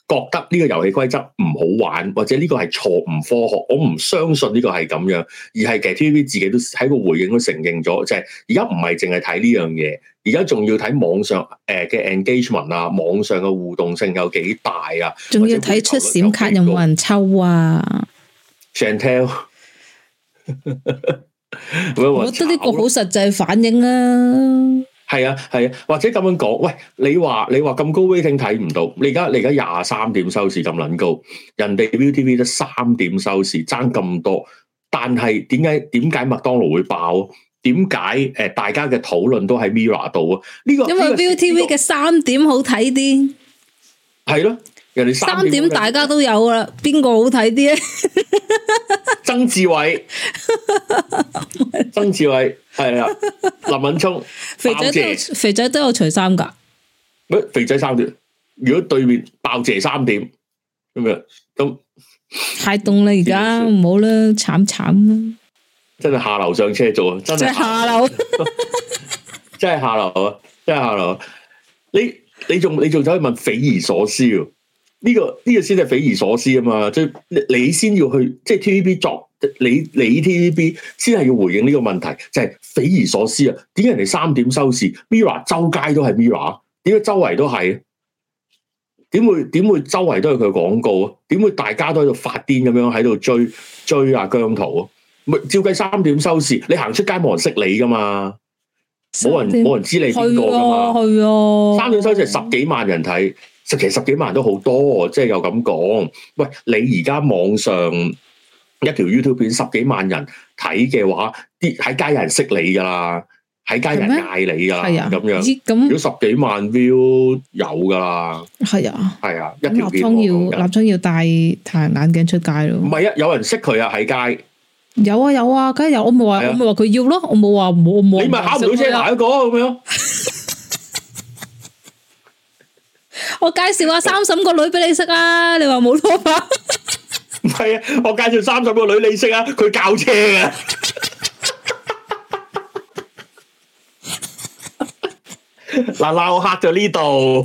覺得呢個遊戲規則唔好玩，或者呢個係錯唔科學，我唔相信呢個係咁樣，而係其實 T.V.B. 自己都喺個回應都承認咗，即係而家唔係淨係睇呢樣嘢，而家仲要睇網上誒嘅 engagement 啊，網上嘅互動性有，大有幾大啊，仲要睇出閃卡有冇人抽啊，gentle。 我覺得呢個好實際反應啦。係啊，係 啊,啊,啊，或者咁樣講，喂，你話你話咁高 rating 睇唔到，你而家你而家廿三點收視咁撚高，人哋 ViuTV 都三點收視爭咁多，但係點解點解麥當勞會爆、啊？點解誒大家嘅討論都喺 Mirror 度啊？呢、這個因為 ViuTV 嘅三點好睇啲，係咯。三點大家都有啦，邊個好睇啲？ 曾志偉， 曾志偉係啊，林敏聰 謝，肥仔都肥仔都有除衫噶，喂、欸，肥仔三點，如果對面爆謝三點，咁樣咁， 太凍啦，而家唔好啦，慘慘啦，慘慘真係下樓上車做啊，真係下樓 ，真係下樓啊，真係下樓，你你仲你仲走去問匪夷所思啊？呢、這個呢、這個先係匪夷所思啊嘛！即係你，你先要去，即、就、係、是、TVB 作，你你 TVB 先係要回應呢個問題，就係、是、匪夷所思啊！點解人哋三點收視，Mirror 周街都係 Mirror，點解周圍都係？點會點會周圍都係佢廣告啊？點會大家都喺度發癲咁樣喺度追追啊姜濤啊？咪照計三點收視，你行出街冇人識你噶嘛？冇人冇點人知你邊個噶嘛？係啊，啊三點收視係十幾萬人睇。其實十幾萬都好多，即係又咁講。喂，你而家網上一條 YouTube 片十幾萬人睇嘅話，啲喺街有人識你噶啦，喺街有人嗌你噶啦，咁嗎樣。咁如果十幾萬 view 有噶啦，係啊，係啊。咁立春要立春要戴太陽眼鏡出街咯。唔係啊，有人識佢啊，喺街有、啊。有啊有啊，梗係有。我冇係話我唔係話佢要咯，我冇話冇冇。我我你咪考唔到車牌嗰個咁樣。是啊 我介紹阿三嬸個女俾你識啊！你話冇拖？唔 係啊！我介紹三嬸個女你識啊！佢教車啊！嗱，鬧客就呢度。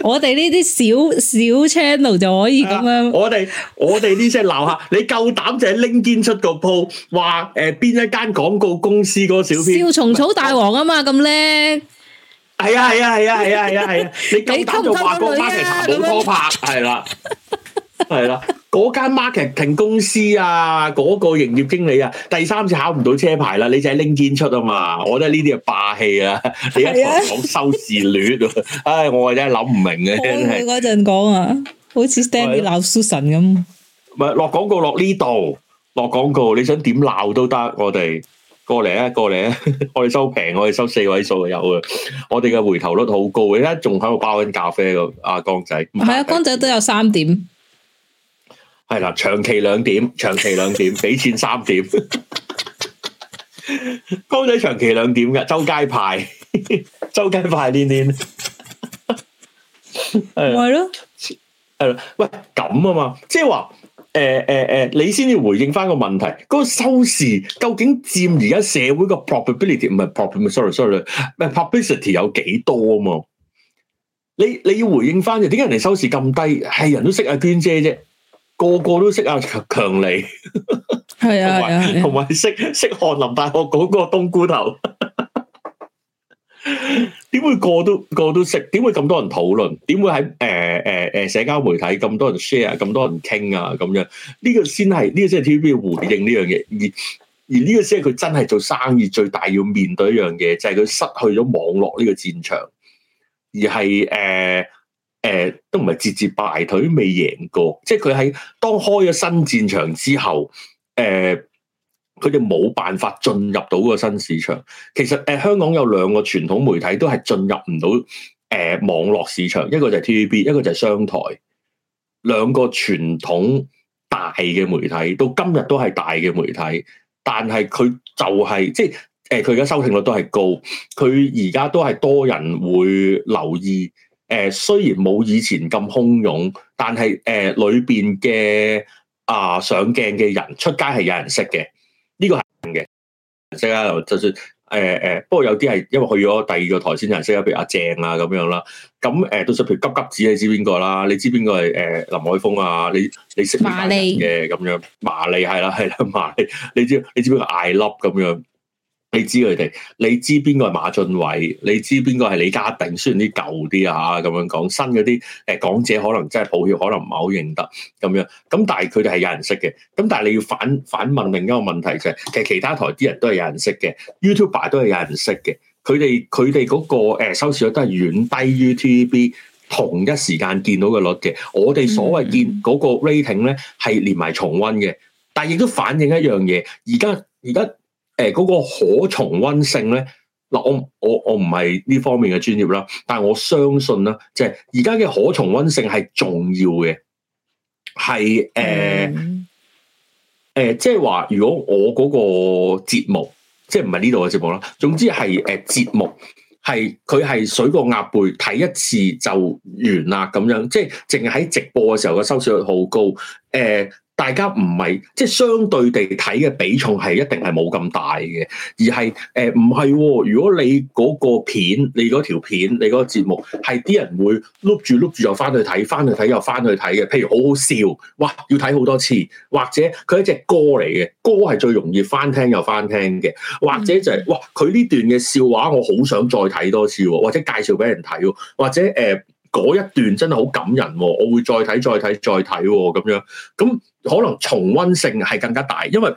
我哋呢啲小小 channel 就可以咁樣。 我哋我哋呢些鬧客，你夠膽就係拎堅出個鋪，話誒邊一間廣告公司個小編？叫蟲草大王啊嘛，咁叻啊！係啊，係啊，係啊，係啊，係啊，係啊！你夠膽就話個 marketing 冇拖拍，係啦，係啦，嗰間 marketing 公司啊，嗰個營業經理啊，第三次考唔到車牌啦，你就拎肩出啊嘛！我覺得呢啲係霸氣啊，你一堂講收視率，唉，我真係諗唔明嘅。嗰陣講啊，好似 Stanley 鬧 Susan 咁，唔係落廣告落呢度，落廣告你想點鬧都得，我哋。過嚟啊，過嚟啊！我哋收平，我哋收四位數嘅有啊，我哋嘅回頭率好高嘅，而家仲喺度包緊咖啡嘅阿、啊、江仔。係啊，江仔都有三點。係啦，長期兩點，長期兩點，俾 錢三點。江仔長期兩點嘅，周街派，周街派，年年。係咯的。係啦，喂咁啊嘛，即係話。誒誒誒，你先要回應翻個問題，嗰、那個收視究竟佔而家社會個 probability 唔係 probability，sorry sorry，probability Sorry, 有幾多、啊、嘛？啊、你你要回應翻嘅，點解人哋收視咁低？係人都識阿娟姐啫，個個都識阿強強尼，係啊，同埋識識翰林大學嗰個冬菇頭。呵呵點會個都個都識？點會咁多人討論？點會喺誒誒誒社交媒體咁多人 share，咁多人傾啊咁樣？呢個先係呢個先係 TVB 回應呢樣嘢，而而呢個先係佢真係做生意最大要面對的一樣嘢，就係佢失去咗網絡呢個戰場，而係誒誒，都唔係節節敗退，未贏過。即係佢喺當開咗新戰場之後，誒、呃。佢哋冇辦法進入到個新市場。其實誒、呃，香港有兩個傳統媒體都係進入唔到誒網絡市場，一個就係 TVB，一個就係商台。兩個傳統大嘅媒體到今日都係大嘅媒體，但係佢就係、是、即係誒，佢而家收聽率都係高，佢而家都係多人會留意。誒、呃，雖然冇以前咁洶湧，但係誒裏邊嘅啊上鏡嘅人出街係有人識嘅。呢個係嘅，識啦，就算誒誒、欸欸，不過有啲係因為去咗第二個台先識啦、啊，譬如阿鄭啊咁樣啦，咁誒到時譬如急急子你知邊個啦，你知邊個係誒林海峰啊，你你識邊班人嘅咁樣，麻利係啦，係啦麻利，你知道你知邊個艾粒咁樣。你知佢哋，你知邊個係馬俊偉，你知邊個係李家鼎。雖然啲舊啲啊。咁樣講，新嗰啲誒港姐可能真係抱歉，可能唔係好認得咁樣。咁但係佢哋係有人識嘅。咁但係你要反反問另一個問題就係、其實其他台啲人都係有人識嘅，YouTuber 都係有人識嘅。佢哋佢哋嗰個、呃、收視率都係遠低於 TVB 同一時間見到嘅率嘅。我哋所謂見嗰個 rating 咧係連埋重温嘅，但亦都反映一樣嘢。而家而家。誒，嗰、那個可重温性咧，嗱，我我我唔係呢方面嘅專業啦，但係我相信啦，即係而家嘅可重温性係重要嘅，係誒、嗯、誒，即係話如果我嗰個節目，即係唔係呢度嘅節目啦，總之係誒節目係佢係水過鴨背，睇一次就完啦咁樣，即係淨係喺直播嘅時候個收視率好高，誒。大家唔係即係相對地睇嘅比重係一定係冇咁大嘅，而係誒唔係喎。如果你嗰個片、你嗰條片、你嗰個節目係啲人會碌住碌住又翻去睇，翻去睇又翻去睇嘅。譬如好好笑，哇！要睇好多次，或者佢一隻歌嚟嘅歌係最容易翻聽又翻聽嘅，或者就係、是、哇！佢呢段嘅笑話我好想再睇多次、哦、或者介紹俾人睇喎、哦，或者誒。呃嗰一段真係好感人、哦，我會再睇、哦、再睇、再睇咁樣，咁可能重溫性係更加大，因為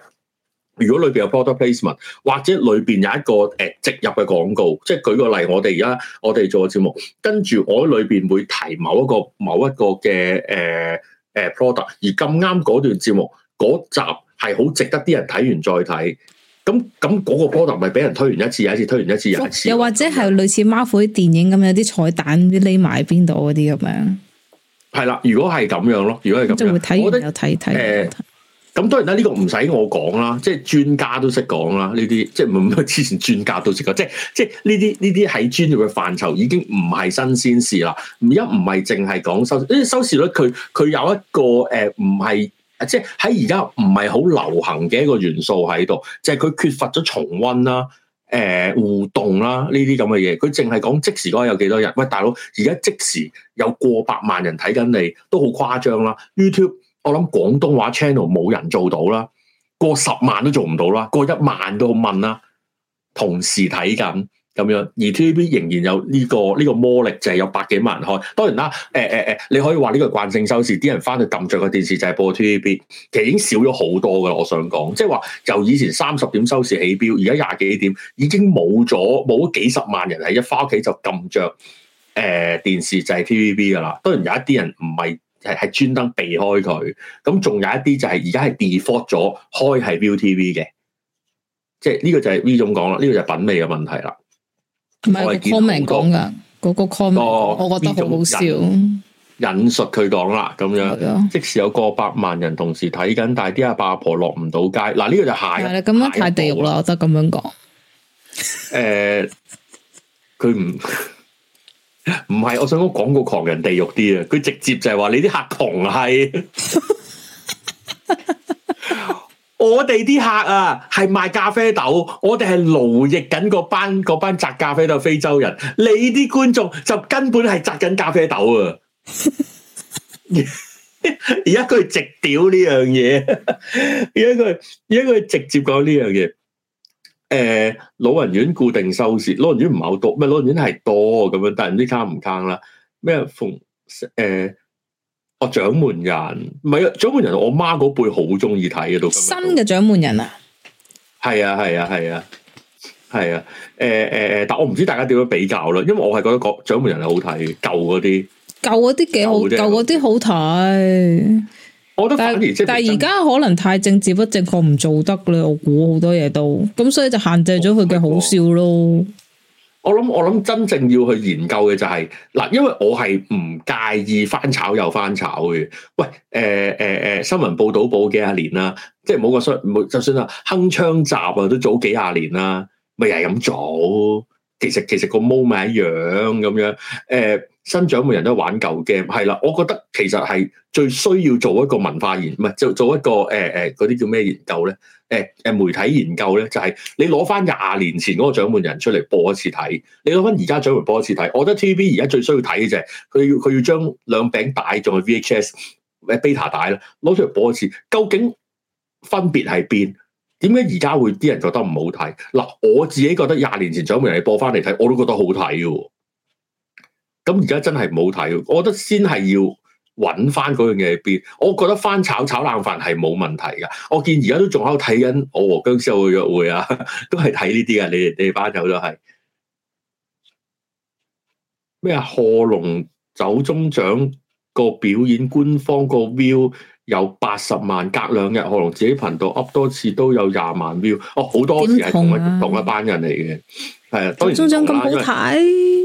如果裏面有 product placement 或者裏面有一個誒植、呃、入嘅廣告，即係舉個例，我哋而家我哋做嘅節目，跟住我喺裏面會提某一個某一個嘅、呃啊、product，而咁啱嗰段節目嗰集係好值得啲人睇完再睇。咁咁嗰個波頭咪俾人推完一次又一次，推完一次又一次。又或者係類似 Marvel 啲電影咁，有啲彩蛋匿埋喺邊度嗰啲咁樣。係啦，如果係咁樣咯，如果係咁樣，會我得睇睇誒。咁、呃嗯、當然啦，呢、這個唔使我講啦，即係專家都識講啦。呢啲即係唔係之前專家都識講，即係即係呢啲呢啲喺專業嘅範疇已經唔係新鮮事啦。一唔係淨係講收，因為收視率佢佢有一個誒唔係。呃啊！即係喺而家唔係好流行嘅一個元素喺度，即係佢缺乏咗重溫啦、誒、呃、互動啦呢啲咁嘅嘢，佢淨係講即時嗰日有幾多人？喂，大佬，而家即時有過百萬人睇緊你，都好誇張啦！YouTube，我諗廣東話 channel 冇人做到啦，過十萬都做唔到啦，過一萬都問啦，同時睇緊。咁樣而 T V B 仍然有呢個呢個魔力，就係有百幾萬人開。當然啦，誒誒誒，你可以話呢個慣性收視，啲人翻去撳着個電視就係播 T V B，其實已經少咗好多噶啦。我想講，即係話由以前三十點收視起標，而家廿幾點已經冇咗冇咗幾十萬人係一翻屋企就撳着誒、呃、電視就係 T V B 噶啦。當然有一啲人唔係係專登避開佢，咁仲有一啲就係而家係 default 咗開係 ViuTV 嘅，即係呢個就係 V 總講啦，呢個就係品味嘅問題啦。唔係、那個 comment 講噶，嗰、那個 comment，我覺得好好笑。引，引述佢講啦，咁樣了即使有過百萬人同時睇緊，但係啲阿爸阿婆落唔到街。嗱、啊、呢、這個就係係啦，咁樣太地獄啦，我覺得咁樣講。誒、 呃，佢唔唔係，我想講廣告狂人地獄啲啊，佢直接就係話你啲客狂係。 我哋啲客啊，係賣咖啡豆，我哋係勞役緊嗰班，嗰班摘咖啡豆非洲人。你啲觀眾就根本係摘緊咖啡豆啊！而家佢直屌呢樣嘢，而家佢而家佢直接講呢樣嘢。誒、呃，老人院固定收視，老人院唔係好多咩？老人院係多咁樣，但唔知坑唔坑啦？咩？逢、呃、誒。哦、掌門人唔係啊，掌門人我媽嗰輩好中意睇嘅，都新嘅掌門人啊，係啊係啊係啊係啊，誒誒誒，但我唔知大家點樣比較啦，因為我係覺得講掌門人係好睇，舊嗰啲舊嗰啲幾好，舊嗰啲好睇，我都反而但即係，但係而家可能太政治不正確唔做得啦，我估好多嘢都咁，所以就限制咗佢嘅好笑咯。哦我諗我諗真正要去研究嘅就係、是、嗱，因為我係唔介意翻炒又翻炒嘅。喂，誒、呃、誒、呃、新聞報道報幾廿年啦、啊，即係冇個衰，冇就算啦，鏗鏘集啊都早幾廿年啦、啊，咪又係咁做，其實其實個 moment 一樣咁樣、呃新獎門人都玩舊 game，係啦。我覺得其實係最需要做一個文化研，唔係就做一個誒誒嗰啲叫咩研究咧？誒、呃、誒媒體研究咧，就係、是、你攞翻廿年前嗰個獎門人出嚟播一次睇，你攞翻而家獎門播一次睇。我覺得 TVB 而家最需要睇嘅就係佢要佢要將兩餅帶仲有 VHS、beta 帶啦，攞出嚟播一次，究竟分別係邊？點解而家會啲人覺得唔好睇？嗱，我自己覺得廿年前獎門人你播翻嚟睇，我都覺得好睇嘅喎。咁而家真係唔好睇，我覺得先係要揾翻嗰樣嘢喺邊。我覺得翻炒炒冷飯係冇問題嘅。我見而家都仲喺度睇緊《我和僵屍有個約會》啊，都係睇呢啲啊。你哋你哋班友都係咩？阿何龍走中獎個表演，官方個 view 有八十萬，隔兩日，何龍自己頻道噏多次都有廿萬 view。哦，好多次係同一、啊、同一班人嚟嘅，係啊。中中獎咁好睇？當然中獎咁好睇。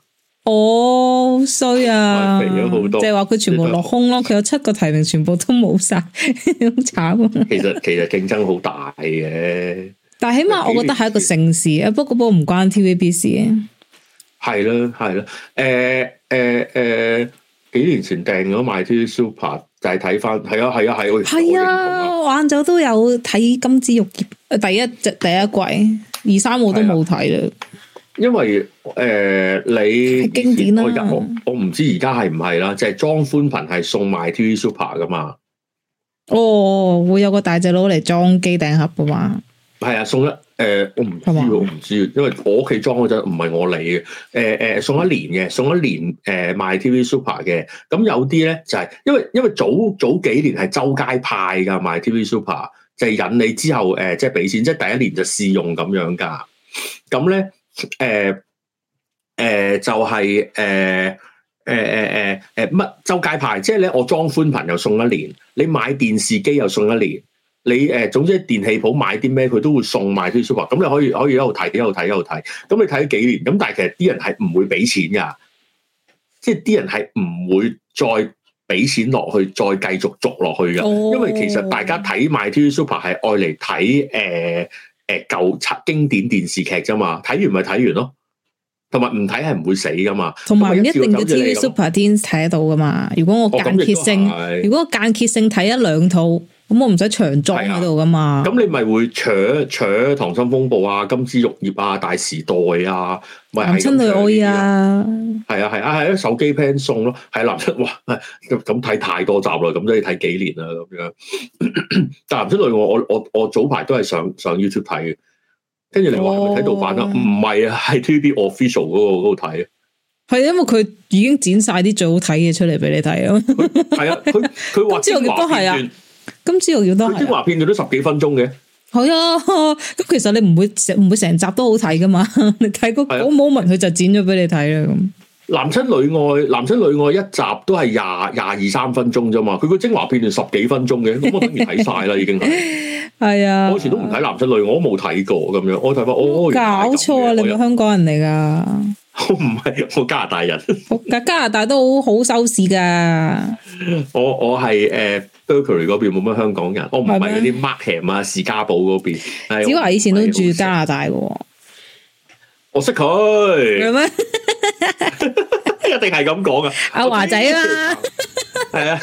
哦，衰啊！即係話佢全部落空咯，佢實有七個提名全部都冇晒，好 慘慘啊其！其實其實競爭好大嘅，啊，但係起碼我覺得係一個盛事啊。不過不過唔關 TVB 事啊。係咯係咯，誒誒誒，幾年前訂咗《myTV Super》，就係睇翻，係啊係啊係，是的我係啊，晏晝都有睇《金枝玉葉》第一隻第一季，二三我都冇睇啦。因為誒、呃、你經典我，我我唔知而家係唔係啦，就係裝寬頻係送買 TV Super 噶嘛。哦，會有個大隻佬嚟裝機頂盒噶嘛？係啊，送一誒、呃，我唔知道，嗎我唔知，因為我屋企裝嗰陣唔係我嚟嘅。誒、呃、誒，送一年嘅，送一年誒賣、呃、TV Super 嘅。咁有啲咧就係、是、因為因為早早幾年係周街派㗎賣 TV Super，就是引你之後誒即係俾錢，即、就、係、是、第一年就試用咁樣㗎。咁咧。誒誒、呃呃，就係誒誒誒誒誒乜周街派？即係咧，我裝寬頻又送一年，你買電視機又送一年，你誒、呃，總之電器鋪買啲咩，佢都會送埋 T V Super。咁你可以可以一路睇一路睇一路睇。咁你睇幾年？咁但係其實啲人係唔會俾錢噶，即係啲人係唔會再俾錢落去，再繼續續落去噶。因為其實大家睇買 T V Super 係愛嚟睇誒。呃誒，舊拆經典電視劇啫嘛，睇完咪睇完咯，同埋唔睇係唔會死噶嘛，同埋唔一定都 TV Super t w 睇得到噶嘛。如果我間歇性，哦、如果間歇性睇一兩套。咁我唔使長裝喺度噶嘛？係啊，咁你咪會 choo choo 溏心風暴啊、金枝玉葉啊、大時代啊，咪男親女愛啊，係啊係啊係啊，手機 Pan 送咯，係、啊、男親哇咁睇太多集啦，咁都要睇幾年啊咁樣咳咳。但男親女愛我我我早排都係上上 YouTube 睇嘅，跟住你話係咪睇盜版啊？唔係啊，喺 TVB official 嗰個度睇。係因為佢已經剪晒啲最好睇嘅出嚟俾你睇啊。係 啊，佢佢話之後亦都係啊。今朝要都係、啊。精華片佢都十幾分鐘嘅。好啊，咁其實你唔會成唔會成集都好睇噶嘛？ 你睇嗰嗰部分佢就剪咗俾你睇啦咁。男親女愛，男親女愛一集都係廿廿二三分鐘啫嘛，佢個精華片段十幾分鐘嘅，咁我等於睇晒啦已經係。係 啊，我以前都唔睇男親女，我都冇睇過咁樣，我睇翻、哦、我。搞錯啊，天你個香港人嚟噶？我唔係，我加拿大人。加拿大都好好收視噶。我我係誒、uh, Berkeley 嗰邊冇乜香港人，嗎我唔係嗰啲 Markham 啊，士嘉堡嗰邊。小華以前都住加拿大嘅。我識佢。咩是嗎？ 一定係咁講㗎！阿華仔啦，係啊，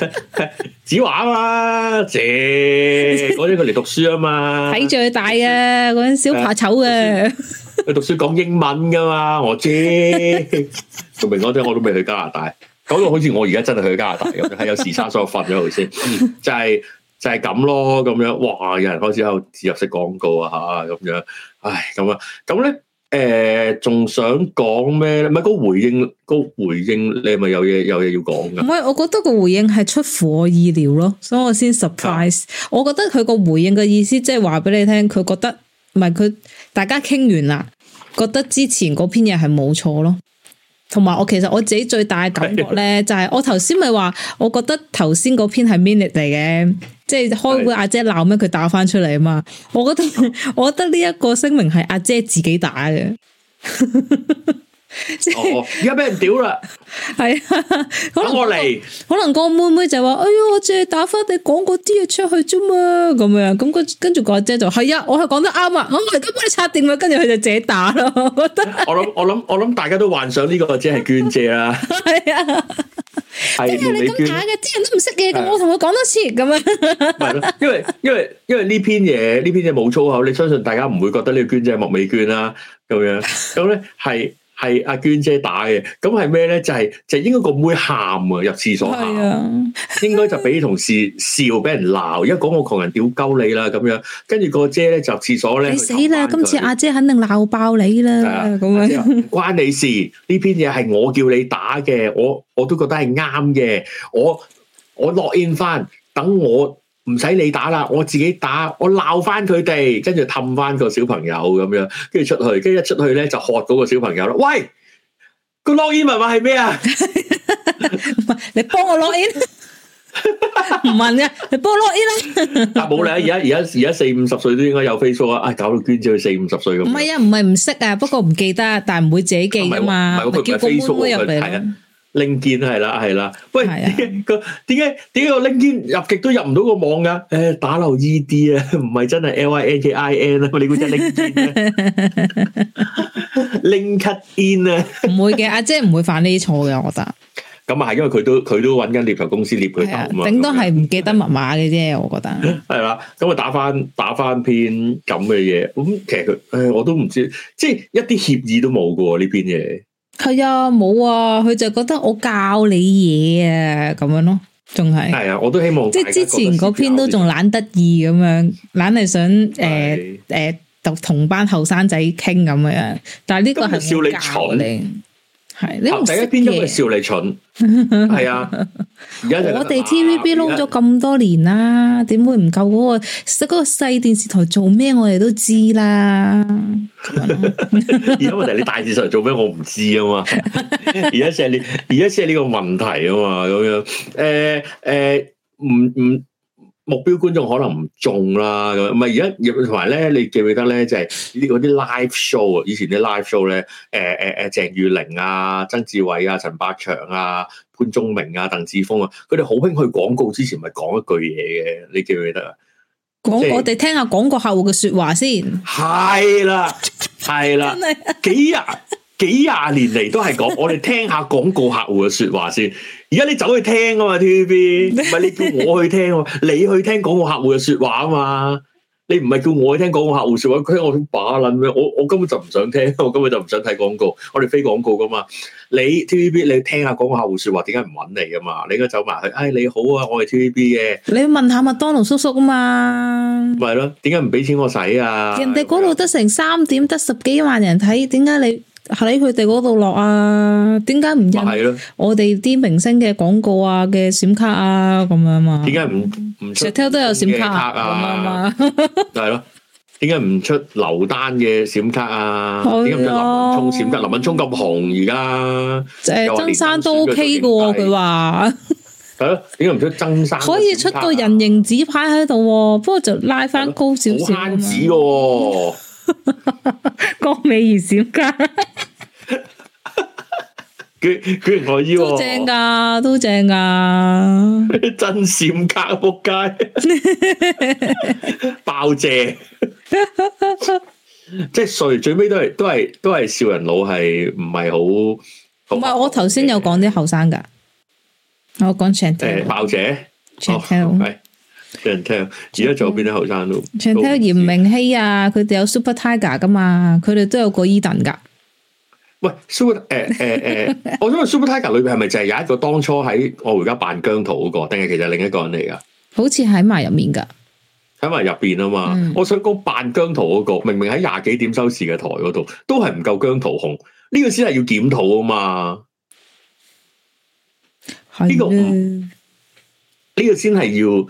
子華啊嘛，借嗰陣佢嚟讀書啊嘛，睇住佢大嘅，嗰陣小怕醜嘅。佢讀書講英文噶嘛，我知。同明哥聽我都未去加拿大，講到好似我而家真係去加拿大咁，係 有時差所瞓咗先，就係、是、就係、是、咁咯，咁樣哇！有人開始喺度植入式廣告啊，吓，咁樣，唉，咁啊，咁咧。誒，仲、呃、想講咩咧？係、嗰個回應，嗰個回應你係咪有嘢有嘢要講噶？唔係，我覺得個回應係出乎我意料咯，所以我先 surprise。啊、我覺得佢個回應嘅意思就是告你，即係話俾你聽，佢覺得唔係佢大家傾完啦，覺得之前嗰篇嘢係冇錯咯。同埋我其實我自己最大嘅感覺咧， 就係我頭先咪話，我覺得頭先嗰篇係 minute 嚟嘅。即係開會阿姐鬧咩？佢打返出嚟啊嘛！我覺得我覺得呢一個聲明係阿姐自己打嘅。對 即而家俾人屌啦，係啊，可能可能個妹妹就話：哎呀，我借打翻你講嗰啲嘢出去啫嘛，咁樣，咁跟跟住個阿姐就係啊，我係講得啱啊，咁我而家幫你插定啦，跟住佢就借打咯。我覺得我諗我諗我諗大家都幻想呢個阿姐係娟姐啦，係啊，即係你咁打嘅，啲人都唔識嘅，咁我同佢講多次咁樣，係咯，因為因為因為呢篇嘢呢篇嘢冇粗口，你相信大家唔會覺得呢個娟姐係莫美娟啦，咁樣咁咧係。係阿娟姐打嘅，咁係咩咧？就係就應該個妹喊啊，入廁所喊，應該就俾同事笑，俾人鬧，一講我窮人屌鳩你啦咁樣。跟住個姐咧入廁所咧，你死啦！今次阿姐肯定鬧爆你啦，咁樣關你事？呢篇嘢係我叫你打嘅，我我都覺得係啱嘅，我我落 in 翻，等我。唔使你打啦，我自己打，我鬧翻佢哋，跟住氹翻個小朋友咁樣，跟住出去，跟住一出去咧就學到嗰個小朋友啦。喂，個錄音密碼係咩啊？唔係，你幫我錄音。唔問嘅，你幫我錄音啦。但係冇啦，而家而家而家四五十歲都應該有 Facebook 啊。唉，搞到娟姐去四五十歲咁。唔係啊，唔係唔識啊，不過唔記得，但係唔會自己記啊嘛。唔係佢唔係 Facebook 入嚟啦。拎堅係啦，係啦，喂，點解點解個拎堅入極都入唔到個網噶？誒、哎，打漏 E D 啊，唔係真係 L I N K I N 咧、啊，你估真拎堅咧？拎 cut in 啊？唔會嘅，阿姐唔會犯呢啲錯嘅，我覺得。咁啊，係因為佢都佢都揾緊獵頭公司獵佢頭嘛，頂多係唔記得密碼嘅啫，我覺得。係啦，咁啊，打翻打翻篇咁嘅嘢，咁其實誒，我都唔知，即係一啲協議都冇噶喎呢篇嘢。係啊，冇啊，佢就覺得我教你嘢啊，咁樣咯，仲係係啊，我都希望即係之前嗰篇都仲懶得意咁樣，懶係想、呃、對誒誒讀同班後生仔傾咁樣，但係呢個係我教, 教你。係你唔使、啊、第一邊都笑你蠢，係 啊！而家，就是，我哋 TVB 撈咗咁多年啦，啊，點在會唔夠嗰個？嗰，嗰個細電視台做咩？我哋都知啦。而家問題你大電視台做咩？我唔知啊嘛。而家即係呢，而家即係呢個問題啊嘛。咁樣，誒誒，唔唔。目標觀眾可能唔中啦，咁咪而家同埋咧，你記唔記得咧？就係呢嗰啲 live show 啊，以前啲 live show 咧，誒誒誒，鄭裕玲啊、曾志偉啊、陳百祥啊、潘宗明啊、鄧志峰啊，佢哋好興去廣告之前咪講一句嘢嘅，你記唔記得啊？講我哋聽下廣告客戶嘅說話先。係啦， 係啦，幾廿幾廿年嚟都係講，我哋聽下廣告客戶嘅說話先。而家你走去聽啊嘛，T V B，唔係 你叫我去聽，你去聽廣告客戶嘅說話啊嘛。你唔係叫我去聽廣告客戶說話，佢聽我把撚咩？我我根本就唔想聽，我根本就唔想睇廣告。我哋飛廣告噶嘛。你 T V B 你聽下廣告客戶說話，點解唔揾你啊嘛？你而家走埋去，哎你好啊，我係 T V B 嘅。你問下麥當勞叔叔啊嘛。咪咯，點解唔俾錢我使啊？人哋嗰度得成三點得十幾萬人睇，點解你？喺佢哋嗰度落啊？點解唔入？印？我哋啲明星嘅廣告啊，嘅閃卡啊，咁樣嘛？點解唔唔？成日都都有閃卡啊，咁係咯？點解唔出劉丹嘅閃卡啊？點解唔出林敏驄閃卡？的林敏驄咁紅而家。誒曾生都 OK 嘅喎，佢話係咯？點解唔出曾生？可以出個人形紙牌喺度，啊，不過就拉翻高少少啊江 美儀閃卡，佢佢唔可以好正噶，都正噶，真閃卡仆街，爆姐，即係最最尾都係都係都係笑人佬，係唔係好，唔係我頭先有講啲後生噶，我講 Chantel，誒，爆姐 check 好。俾人聽，而家左邊啲後生都，長睇個嚴明熙啊，佢哋有 Super Tiger 噶嘛，佢哋都有個伊頓噶。喂，Super 誒誒誒，呃、 我想問 Super Tiger 裏邊係咪就係有一個當初喺我而家扮姜濤嗰、那個，定係其實另一個人嚟噶？好似喺埋入面噶，喺埋入邊啊嘛。嗯、我想講扮姜濤嗰、那個，明明喺廿幾點收視嘅台嗰度，都係唔夠姜濤紅，呢、這個先係要檢討啊嘛。呢的、這個呢、嗯這個先係要。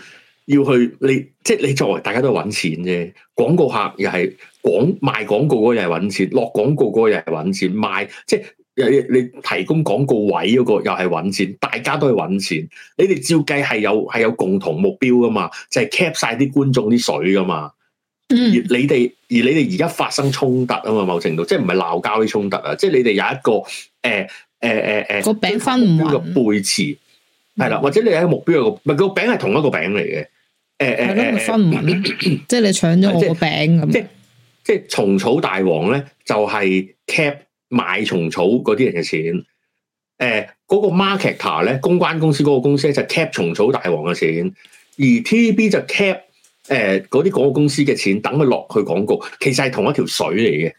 要去你即係你作為，大家都揾錢啫。廣告客又係廣賣廣告嗰個又係揾錢，落廣告嗰個又係揾錢，賣即係你提供廣告位嗰個又係揾錢。大家都去揾錢，你哋照計係有係有共同目標噶嘛？就係 cap 晒啲觀眾啲水噶嘛、嗯而你。而你哋而你哋而家發生衝突啊嘛？某程度即係唔係鬧交啲衝突啊？即係你哋有一個誒誒誒誒個餅分唔勻個背馳係啦，或者你喺個目標、那個咪個餅係同一個餅嚟嘅。係咯，你分唔明，即係你搶咗我個餅咁。即係即係，蟲草大王咧就係、是、cap 賣蟲草嗰啲人嘅錢。誒、哎，嗰、那個 Marketer 咧，公關公司嗰個公司咧就 cap 蟲草大王嘅錢，而 TVB 就 cap 誒嗰啲廣告公司嘅錢，等佢落去廣告，其實係同一條水嚟嘅，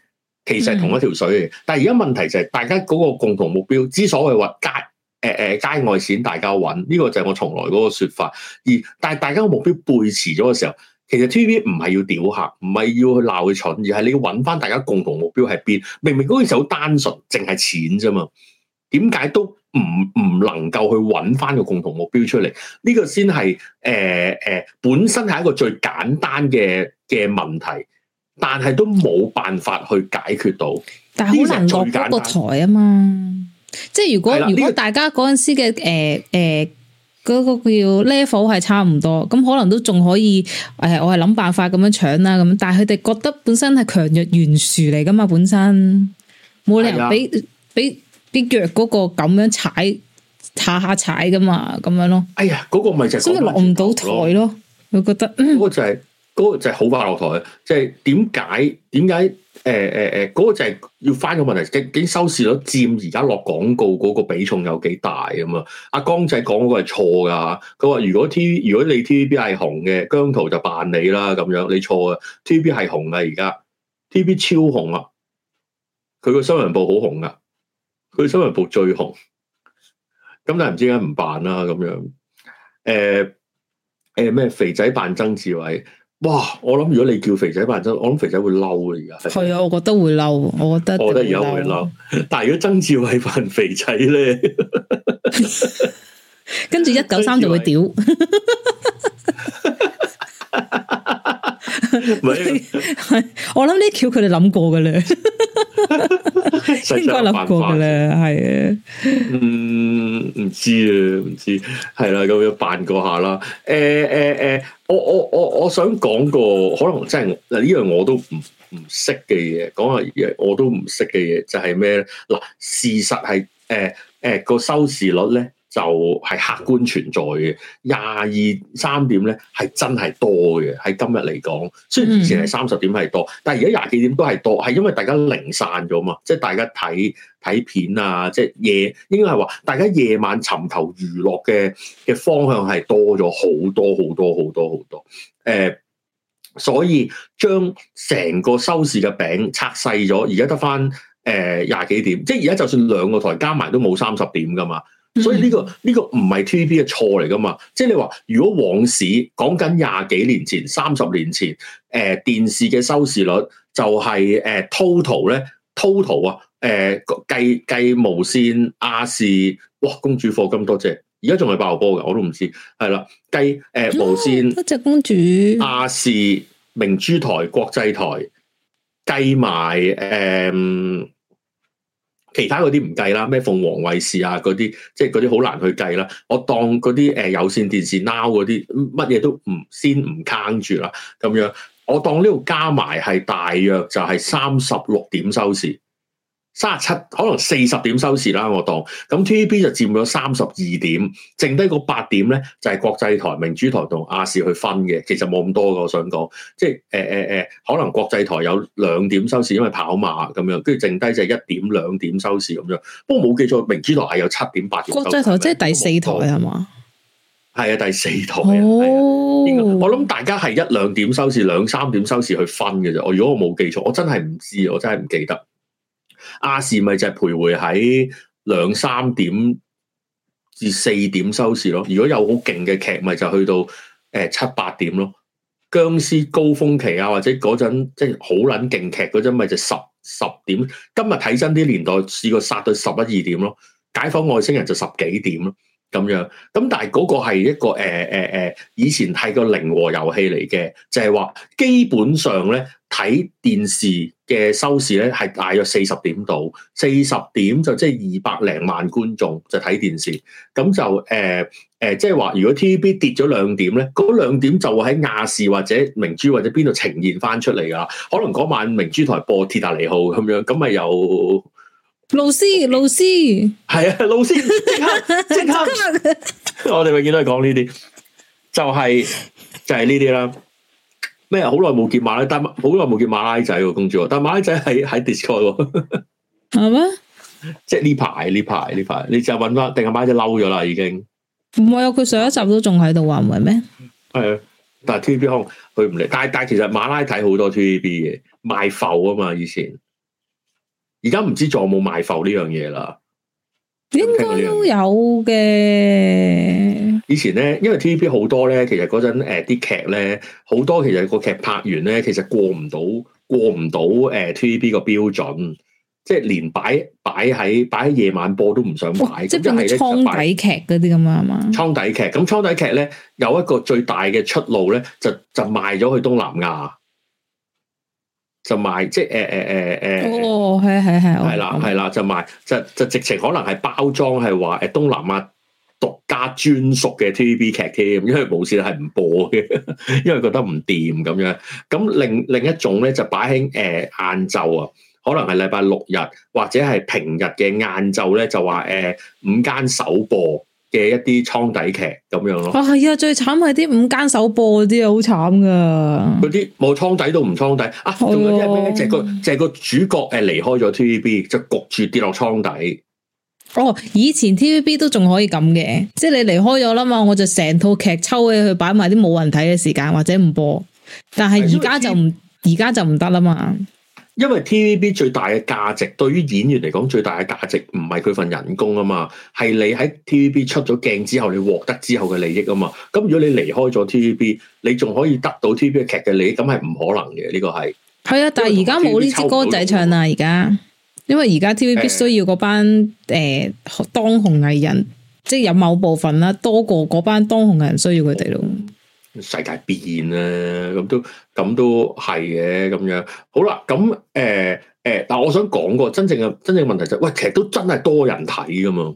其實係同一條水。嚟。嗯、但係而家問題就係大家嗰個共同目標，之所以話介。誒誒、呃，街外錢大家搵呢、這個就係我從來嗰個說法，而但係大家個目標背馳咗嘅時候，其實 TVB 唔係要屌客，唔係要去鬧佢蠢，而係你要搵翻大家共同目標係邊？明明嗰件事好單純，凈係錢咋嘛？點解都唔唔能夠去搵翻個共同目標出嚟？呢、這個先係誒誒，本身係一個最簡單嘅嘅問題，但係都冇辦法去解決到。但係很好難落嗰個台啊嘛。誒即係如果的如果大家嗰陣時嘅誒誒嗰個叫，呃嗰個、level 係差唔多，咁可能都仲可以誒、呃，我係諗辦法咁樣搶啦咁，但係佢哋覺得本身係強弱懸殊嚟噶嘛，本身冇理由俾俾俾弱嗰個咁樣踩下下踩噶嘛，咁樣咯。哎呀，嗰個咪就係個所以落唔到台咯，佢覺得就係、是。嗰個就係好快落台，即係點解？點解？誒誒誒，嗰、欸嗰個就係要翻個問題，究竟收視率佔而家落廣告嗰個比重有幾大咁啊？阿江仔講嗰個係錯㗎，佢話如果 T 如果你 T V B 係紅嘅，姜濤就扮你啦咁樣，你錯嘅，T V B 係紅嘅而家，T V B 超紅啊！佢個新聞報好紅噶，佢新聞報最紅。咁但係唔知點解唔扮啦咁樣？誒誒咩肥仔扮曾志偉？哇！我諗如果你叫肥仔扮真，我諗肥仔會嬲嘅而家。係啊，我覺得會嬲，我覺得。我覺得而家會嬲，但係如果曾志偉扮肥仔咧， 跟住一九三就會屌。 唔係，係、 啊、 我諗呢啲橋佢哋諗過噶啦， 應該諗過噶啦，係。 嗯，唔知啊，唔知，係啦，咁樣扮過下啦。誒誒誒，我我我我想講個，可能真係嗱，呢樣我都唔唔識嘅嘢，講下嘢我都唔識嘅嘢，就係咩咧？嗱，事實係誒誒個收視率咧。就係客觀存在嘅廿二三點咧，係真係多嘅。喺今日嚟講，雖然以前係三十點係多，但係而家廿幾點都係多，係因為大家零散咗嘛，即係大家睇睇片啊，即係夜應該係話，大家夜晚尋求娛樂嘅嘅方向係多咗好多好多好多好多。誒、呃，所以將成個收視嘅餅拆細咗，而家得翻誒廿幾點，即係而家就算兩個台加埋都冇三十點噶嘛。所以呢、呢個呢、呢個唔係 TVB 嘅錯嚟噶嘛？即係你話如果往事講緊廿幾年前、三十年前，誒、呃、電視嘅收視率就係、是、誒、呃、total 咧，total 啊、呃，誒計計無線、亞視，哇公主課金多謝，而家仲係爆波嘅，我都唔知係啦，計誒、呃、無線、只、哦、公主、亞視、明珠台、國際台，計埋誒。嗯其他嗰啲唔計啦，咩鳳凰衛視啊嗰啲，即係嗰啲好難去計啦。我當嗰啲有線電視 Now 嗰啲乜嘢都唔先唔坑住啦，咁樣我當呢度加埋係大約就係三十六點收視。三十七可能四十點收視啦，我當咁 TVB 就佔咗三十二點，剩低嗰八點咧就係、是、國際台、明珠台同亞視去分嘅，其實冇咁多㗎。我想講，即係、呃呃、可能國際台有兩點收視，因為跑馬咁樣，跟住剩低就係一點兩點收視咁樣。不過冇記錯，明珠台係有七點八點收視。國際台即係第四台係嘛？係吧啊，第四台哦、啊 oh. 啊。我諗大家係一兩點收視，兩三點收視去分嘅啫。我如果我冇記錯，我真係唔知，我真係唔記得。亞視咪就係徘徊喺兩三點至四點收視咯，如果有好勁嘅劇咪就去到七八點咯。僵屍高峰期啊，或者嗰陣即係好撚勁劇嗰陣，咪就十十點。今日睇真啲年代試過殺到十一二點咯。解放外星人就十幾點咯，咁樣。咁但係嗰個係一個誒誒、呃呃、以前係個零和遊戲嚟嘅，就係、是、話基本上咧睇電視。嘅收視咧係大約四十點到四十點，就即係二百零萬觀眾就睇電視，咁就誒誒，即係話如果 TVB 跌咗兩點咧，嗰兩點就會喺亞視或者明珠或者邊度呈現返出嚟㗎，可能嗰晚明珠台播《鐵達尼號》咁樣，咁咪有老師老師，係啊老師，即刻即刻，刻 我哋永遠都係講呢啲，就係、是、就係呢啲啦。咩？好耐冇見馬拉，但好耐冇見馬拉仔喎、啊，公主。但馬拉仔喺喺 Discord、啊、 喎，係咩？即係呢排呢排呢排，你又搵翻？定係馬拉仔嬲咗啦？已經唔係啊！佢上一集都仲喺度話唔係咩？係啊，但係 TVB 佢唔嚟。但但其實馬拉睇好多 TVB 嘅賣埠啊嘛，以前而家唔知仲有冇賣埠呢樣嘢啦。應該都有嘅。以前咧，因為 T V B 好多咧，其實嗰陣誒啲劇咧，好多其實個劇拍完咧，其實過唔到，過唔到誒 T V B 個標準，即係連擺擺喺擺喺夜晚播都唔想擺。即係、哦、就倉底劇嗰啲咁嘛。倉底劇咁倉底劇咧，有一個最大嘅出路咧，就就賣咗去東南亞。就賣，即係誒誒誒誒，係系系，係啦係啦就賣就就直情可能係包裝係話誒東南亞獨家專屬嘅 TVB 劇添，因為無線係唔播嘅，因為覺得唔掂咁樣。咁另另一種咧就擺喺誒晏晝啊，可能係禮拜六日或者係平日嘅晏晝咧，就話誒午間首播。嘅一啲倉底劇咁樣咯，係啊，最慘係啲五間首播嗰啲啊，好慘噶！嗰啲冇倉底都唔倉底啊，仲有啲係咩咧？就個就個主角誒離開咗 T V B，就焗住跌落倉底。哦，以前 T V B 都仲可以咁嘅，即係你離開咗啦嘛，我就成套劇抽起去擺埋啲冇人睇嘅時間或者唔播，但係而家就唔而家就唔得啦嘛。因為 TVB 最大嘅價值，對於演員嚟講最大嘅價值，唔係佢份人工啊嘛，係你喺 TVB 出咗鏡之後，你獲得之後嘅利益啊嘛。咁如果你離開咗 TVB，你仲可以得到 TVB 劇嘅利益，咁係唔可能嘅。呢、呢個係係啊，但係而家冇呢支歌仔唱啦，而家在、嗯、因為而家 TVB 需要嗰班誒當紅藝人，即係有某部分啦，多過嗰班當紅藝人需要佢哋咯。嗯世界變啦，咁都咁都係嘅，咁樣好啦，咁誒誒，但、呃、係、呃、我想講個真正嘅真正嘅問題就係，喂，其實都真係多人睇噶嘛，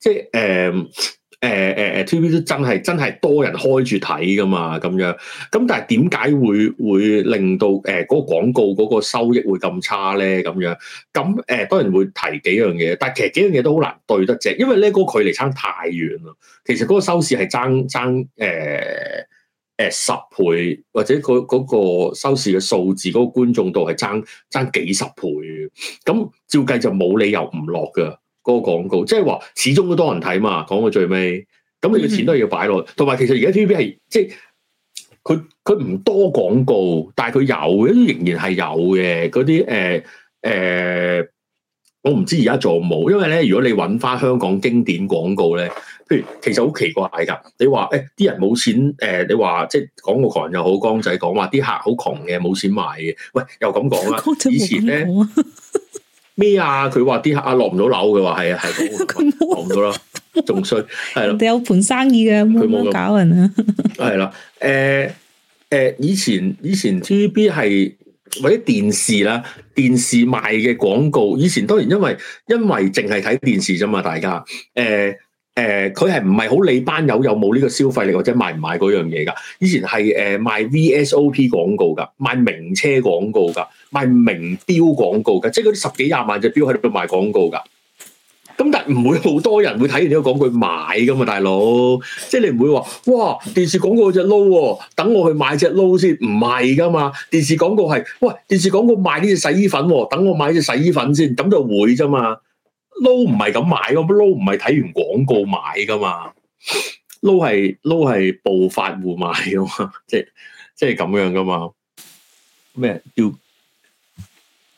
即係誒。呃誒誒誒 t v 都真係真係多人開住睇噶嘛，咁樣，咁但係點解會會令到誒嗰、欸，那個廣告嗰個收益會咁差咧？咁樣，咁、欸、誒，當然會提幾樣嘢，但係其實幾樣嘢都好難對得正，因為呢個距離差太遠啦。其實嗰個收視係爭爭誒誒十倍，或者嗰個收視嘅數字，嗰個觀眾度係爭爭幾十倍。咁照計就冇理由唔落噶。嗰個廣告，即係話始終都多人睇嘛，講到最尾，咁你嘅錢都要擺落。同埋、mm hmm. 其實而家 TVB 係即係佢佢唔多廣告，但係佢有，嘅，仍然係有嘅嗰啲誒誒，我唔知而家做冇，因為咧，如果你揾翻香港經典廣告咧，譬如其實好奇怪㗎，你話誒啲人冇錢誒、欸，你話即係廣告狂又好，江仔講話啲客好窮嘅，冇錢買嘅，喂又咁講啦，以前咧。 咩啊？佢話啲客啊，落唔到樓，佢話係啊係，落唔到啦，仲衰係咯。哋有盤生意嘅，佢冇 搞人啊。係啦，誒、呃、誒、呃，以前以前 T V B 係或者電視啦，電視賣嘅廣告，以前當然因為因為淨係睇電視啫嘛，大家誒。呃誒，佢係唔係好理班友有冇呢個消費力或者買唔買嗰樣嘢噶？以前係誒、呃、賣 VSOP 廣告噶，賣名車廣告噶，賣名錶廣告噶，即係嗰啲十幾廿萬隻錶喺度賣廣告噶。咁但係唔會好多人會睇完呢個廣告買噶嘛，大佬。即係你唔會話哇，電視廣告嗰隻撈，等我去買隻撈先，唔係噶嘛。電視廣告係，喂，電視廣告賣呢隻洗衣粉，等我買隻洗衣粉先，咁就會啫嘛。撈唔係咁買噶，撈唔係睇完廣告買噶嘛，撈係撈係暴發戶買噶嘛，即即係咁樣噶嘛。咩叫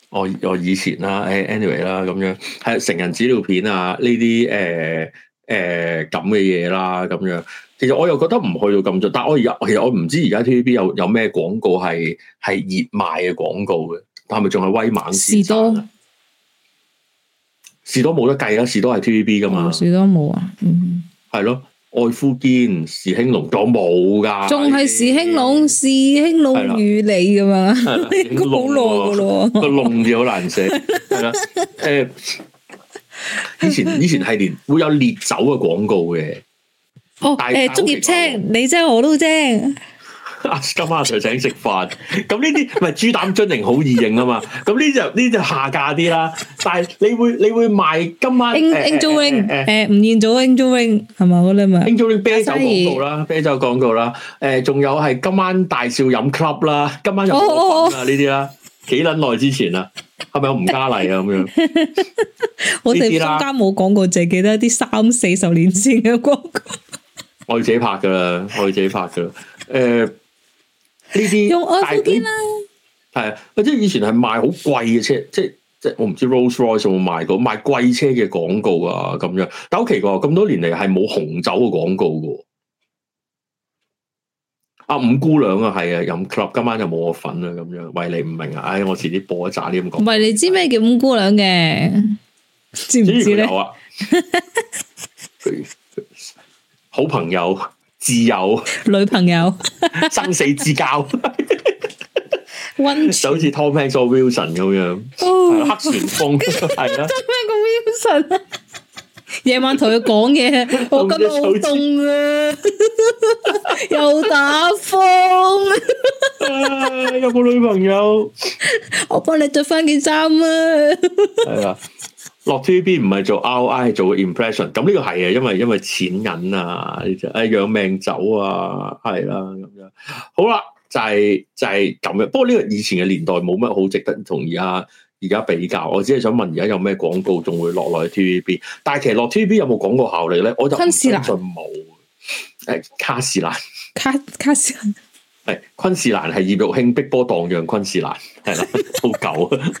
我我以前啦，誒 anyway 啦咁樣，係成人紙尿片啊呢啲誒誒咁嘅嘢啦咁樣。其實我又覺得唔去到咁做，但係我而家其實我唔知而家 TVB 有有咩廣告係係熱賣嘅廣告嘅，但係咪仲係威猛是都？士多冇得計啦，士多係 TVB 噶嘛、哦。士多冇啊，嗯，係咯，愛夫堅，士興隆，我冇噶，仲係士興隆，士、欸、興隆乳你噶嘛，冇龍個咯，個龍字好難寫，係誒了、 欸，以前以前係連會有烈酒嘅廣告嘅，哦，誒，竹葉、欸、青，我你精我都精。今晚就 s 請食飯，咁呢啲咪豬膽樽型好易認啊嘛，咁呢隻呢隻下架啲啦。但係你會你會賣今晚 Angel Wing 誒吳彥祖 Angel Wing 係咪好嗰啲 Angel Wing 啤酒廣告啦，啤酒廣告啦，誒仲有係、啊呃、今晚大少飲 club 啦，今晚又同呢啲啦，幾捻耐之前啦，係咪有吳嘉麗啊咁樣？ 我哋中間冇講過，只記得啲三四十年前嘅廣告， 我要自己拍噶啦，我要自己拍噶啦，誒、呃。呢啲，係啊，即係以前係賣好貴嘅車，即係即係我唔知 Rolls Royce 有冇賣過，賣貴車嘅廣告啊咁樣，但好奇怪，咁多年嚟係冇紅酒嘅廣告噶。阿、啊、五姑娘啊，係啊，飲 club 今晚就冇我份啊咁樣，喂，你唔明啊，唉，我遲啲播一扎啲咁講。唔係你知咩叫五姑娘嘅？嗯、知唔知咧？啊、 好朋友。自由，女朋友、生死之交，溫，就好似 Tom Hanks 個 Wilson 咁樣，黑旋風係啦。做 or Wilson 夜晚同佢講嘢，我今日好凍啊，又打風。有冇女朋友，我幫你着返件衫啊。係啊。落 TVB 唔係做 ROI，係做 impression。咁呢個係啊，因為因為錢銀啊，啲誒養命酒啊，係啦咁樣。好啦，就係、是、就係、是、咁樣。不過呢個以前嘅年代冇乜好值得同而家而家比較。我只係想問，而家有咩廣告仲會落落去 TVB？但係其實落 TVB 有冇廣告效力咧？我就昆士相信冇。誒、哎，卡士蘭，卡卡、哎、士蘭，誒， 昆士蘭係葉玉卿逼波蕩漾，昆士蘭係啦，好舊。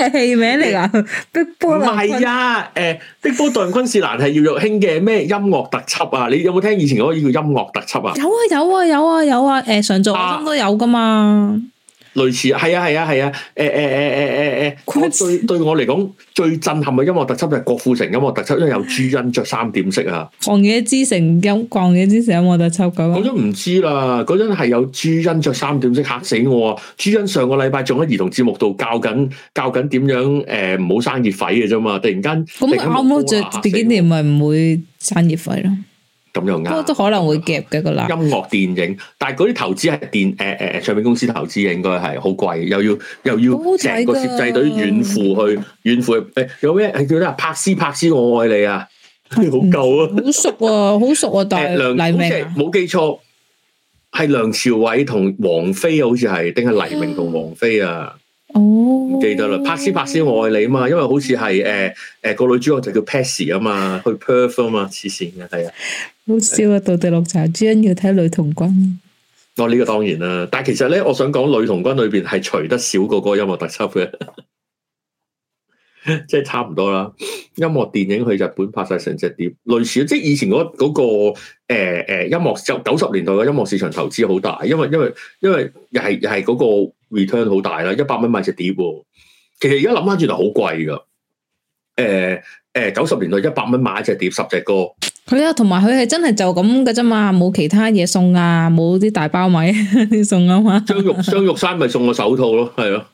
呢個係戲名嚟、欸、Big Ball, 啊！欸《碧波杜仁昆士蘭》係葉玉卿嘅咩音樂特輯啊！你有冇聽以前嗰個叫音樂特輯啊，啊？有啊有啊有啊有啊！誒、啊欸，常做中、啊、都有噶嘛。類似啊，係啊，係啊，係啊，誒誒誒誒誒誒，對對我嚟講最震撼嘅音樂特輯就係郭富城音樂特輯， 因為有朱茵著三點式啊。狂野之城音，狂野之城，有之城有音樂特輯咁我都唔知啦，嗰陣係有朱茵著三點式嚇死我啊！朱茵上個禮拜仲喺兒童節目度教緊教緊點樣誒唔好生熱痱嘅啫嘛，突然間咁啱咯，著幾年咪唔會生熱痱咯。咁又啱，都可能會夾嘅個啦。音樂電影，但係嗰啲投資係電誒誒、呃呃、唱片公司投資，應該係好貴，又要又要成個攝製隊遠赴去，遠赴誒、欸、有咩誒叫得啊？柏斯柏斯，我愛你啊！你好舊啊，好、嗯、熟啊！好熟啊，但係好似冇記錯係梁朝偉同王菲啊，好似係定係黎明同王菲啊？哦，唔記得啦，Patsy Patsy 我愛你啊嘛，因為好似係誒誒個女主角就叫 Patsy 啊嘛，去 perform 啊嘛，黐線嘅係啊，好笑啊，的到第六集，主人要睇女童軍。我呢、哦這個當然啦，但係其實咧，我想講女童軍裏邊係除得少過個音樂特輯嘅， 即係差唔多啦。音樂電影去日本拍晒成隻碟，類似即係以前嗰、那、嗰個誒誒音樂就九十年代嘅音樂市場投資好大，因為因為因為又係又係嗰、那個。return 好大啦，一百蚊買隻碟，哦，其實而家諗翻轉頭好貴噶。誒、呃、誒，九十年代一百蚊買一隻碟，十隻歌。佢啊，同埋佢係真係就咁嘅啫嘛，冇其他嘢送啊，冇啲大包米送啊嘛。張玉張玉山咪送個手套咯，係咯。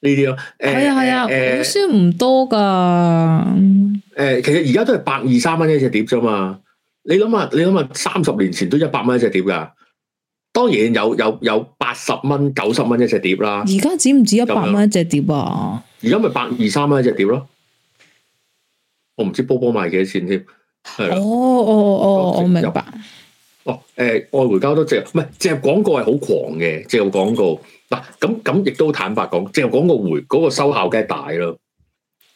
呢啲咯。係啊係啊，股書唔多噶。誒、呃，其實而家都係百二三蚊一隻碟啫嘛。你諗下，你諗下，三十年前都一百蚊一隻碟噶。當然有有有八十蚊，九十蚊一隻碟啦。而家止唔止一百蚊一隻碟啊？而家咪百二三蚊一隻碟咯。我唔知波波賣幾多錢添。哦哦哦，我明白。哦，誒、欸，愛回家都植入，唔係植入廣告，係好狂嘅植入廣告。嗱、啊，咁咁亦都坦白講，植入廣告回嗰、那個收效梗係大咯。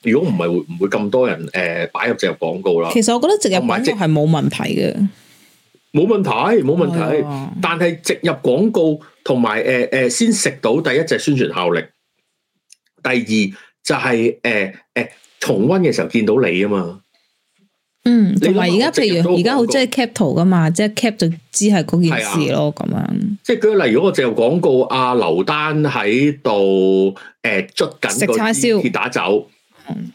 如果唔係，會唔會咁多人誒擺、呃、入植入廣告啦？其實我覺得植入廣告係冇問題嘅。冇問題，冇問題。但係植入廣告同埋誒誒，先食到第一隻宣傳效力。第二就係誒誒，重溫嘅時候見到你啊嘛。嗯，同埋而家譬如而家好中意 cap 圖噶嘛，即係 cap 就知係嗰件事咯，咁樣。即係舉例，如果我植入廣告，阿劉丹喺度誒捉緊食個叉燒鐵打走。嗯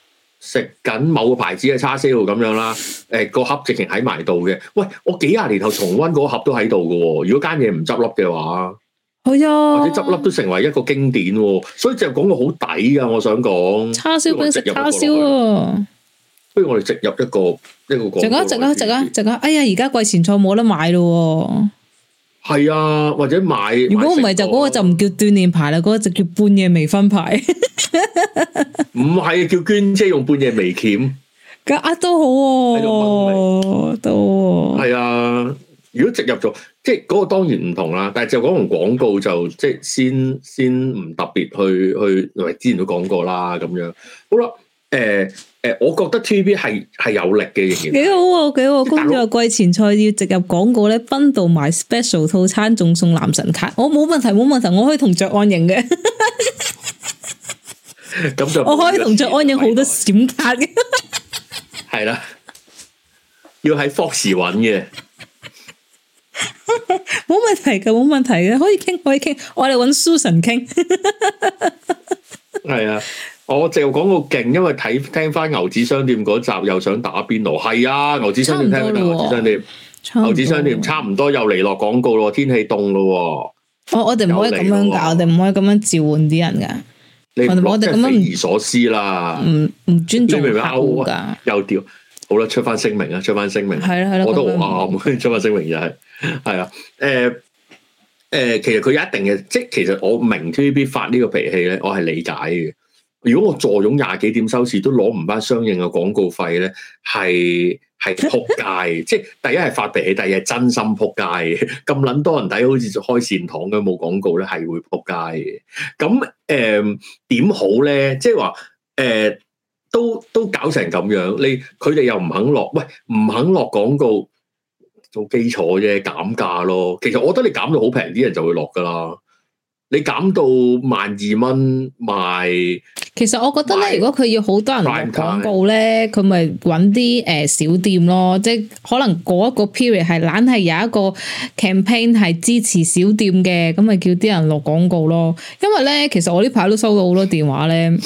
食緊某個牌子嘅叉燒咁樣啦，誒、哎、個盒直情喺埋度嘅。喂，我幾廿年後重溫嗰盒都喺度嘅。如果間嘢唔執笠嘅話，係啊呀，或者執笠都成為一個經典、哦。所以就講到好抵啊！我想講叉燒餅食叉燒啊！不如我哋直入一個、啊、入一個講，直啊直啊直啊直啊！哎呀，而家季前菜冇得買咯、哦。係啊，或者買。如果唔係就嗰個就唔叫鍛煉牌啦，嗰，那個就叫半夜微醺牌。唔 係，啊，叫捐車用半夜微醺。咁啊都好喎，啊，在那都，啊。係啊，如果植入咗，即係嗰，那個當然唔同啦。但係就講完廣告就即係先先唔特別去去，喂之前都講過啦，咁樣好啦。誒誒，我覺得 TVB 係係有力嘅，仍然幾好啊！幾好啊！工作嘅季前賽要植入廣告咧，分到埋 special 套餐，仲送男神卡，我冇問題，冇問題，我可以同卓安影嘅。咁就我可以同卓安影好多閃卡嘅。係啦，要喺 Fox 揾嘅，冇問題嘅，冇問題嘅，可以傾，可以傾，我哋揾 Susan 傾。係啊，我淨係講個勁，因為睇聽翻牛子商店嗰集又想打邊爐，係啊，牛子商店聽翻牛子商店，牛子商店差唔多又嚟落廣告咯，天氣凍咯。我我哋唔可以咁樣搞，我哋唔可以咁樣召喚啲人噶。我哋咁樣匪夷所思啦，唔唔尊重客戶噶。又調，好啦，出翻聲明啊，出翻聲明，係係我都好啱，出翻聲明又係，係啊，誒。誒、呃，其實佢有一定嘅，即係其實我明 T V B 發呢個脾氣咧，我係理解嘅。如果我坐擁廿幾點收視都攞唔翻相應嘅廣告費咧，係係撲街。 即係第一係發脾氣，第二係真心撲街。咁捻多人睇，好似做開善堂咁冇廣告咧，係會撲街嘅。咁誒點好咧？即係話誒，都都搞成咁樣，你佢哋又唔肯落，喂唔肯落廣告。好基礎啫，減價咯。其實我覺得你減到好平，啲人就會落噶啦。你減到萬二蚊賣，其實我覺得咧，買如果佢要好多人落廣告咧，佢咪揾啲誒小店咯。即係可能嗰一個 period 係懶係有一個 campaign 係支持小店嘅，咁咪叫啲人落廣告咯。因為咧，其實我呢排都收到好多電話咧。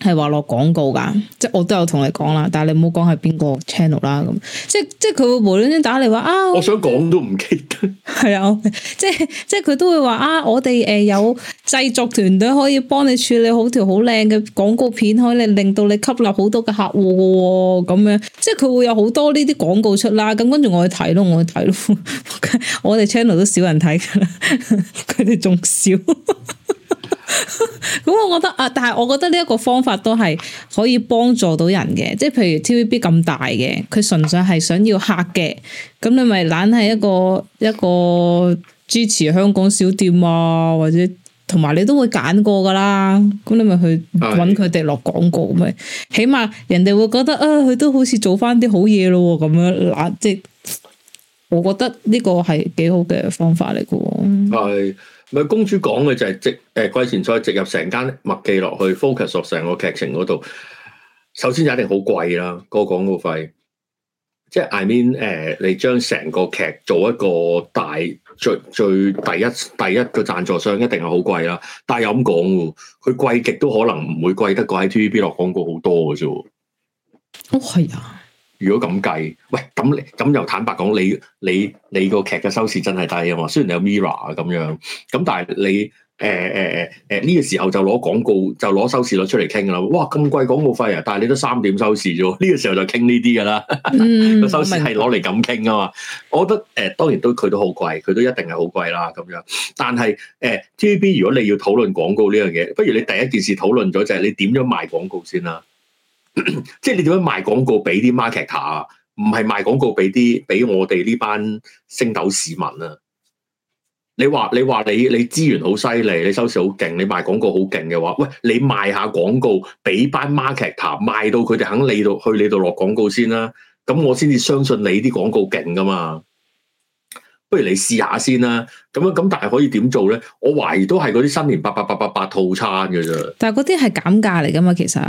係話落廣告噶即係我都有同你講啦，但係你唔好講係邊個 channel 啦，咁即係即係佢會無端端打嚟話啊，我，我想講都唔記得，係啊，即係即係佢都會話啊，我哋誒、呃、有製作團隊可以幫你處理好條好靚嘅廣告片，可以令到你吸納好多嘅客戶嘅，咁樣即係佢會有好多呢啲廣告出啦，咁跟住我去睇咯，我去睇咯，我哋 channel 都少人睇㗎喇，佢哋仲少。 咁 我覺得啊，但係我覺得呢一個方法都係可以幫助到人嘅，即係譬如 TVB 咁大嘅，佢純粹係想要客嘅，咁你咪懶係一個一個支持香港小店啊，或者同埋你都會揀過噶啦，咁你咪去揾佢哋落廣告咪，是的起碼人哋會覺得啊，佢都好似做翻啲好嘢咯咁樣嗱，即係我覺得呢個係幾好嘅方法嚟嘅。係。咪公主講嘅就係直，誒、季前賽直入成間麥記落去 focus 落成個劇情嗰度。首先就一定好貴啦，個廣告費。即係 I mean 誒、呃，你將成個劇做一個大最最第一第一個贊助商，一定係好貴啦。但係又咁講，佢貴極都可能唔會貴得過喺 TVB 落廣告好多嘅啫。哦，係啊。如果咁計，喂，咁咁又坦白講，你你你個劇嘅收視真係低啊嘛！雖然有 Mirror 啊咁樣，咁但係你誒誒誒誒呢個時候就攞廣告就攞收視率出嚟傾啦！哇，咁貴廣告費啊！但係你都三點收視啫，呢個時候就傾呢啲㗎啦。嗯呵呵，收視係攞嚟咁傾啊嘛！我覺得誒、呃、當然都佢都好貴，佢都一定係好貴啦咁樣。但係誒、呃、TVB 如果你要討論廣告呢樣嘢，不如你第一件事討論咗就係你點樣賣廣告先啦。 即係你點樣賣廣告俾啲 marketer 啊？唔係賣廣告俾啲俾我哋呢班星斗市民啊！你話你話你你資源好犀利，你收視好勁，你賣廣告好勁嘅話，喂，你賣下廣告俾班 marketer 賣到佢哋肯你度去你度落廣告先啦，啊。咁我先至相信你啲廣告勁噶嘛。不如你試下先啦，啊。咁樣咁，但係可以點做咧？我懷疑都係嗰啲新年八八八八八套餐嘅啫。但係嗰啲係減價嚟噶嘛？其實。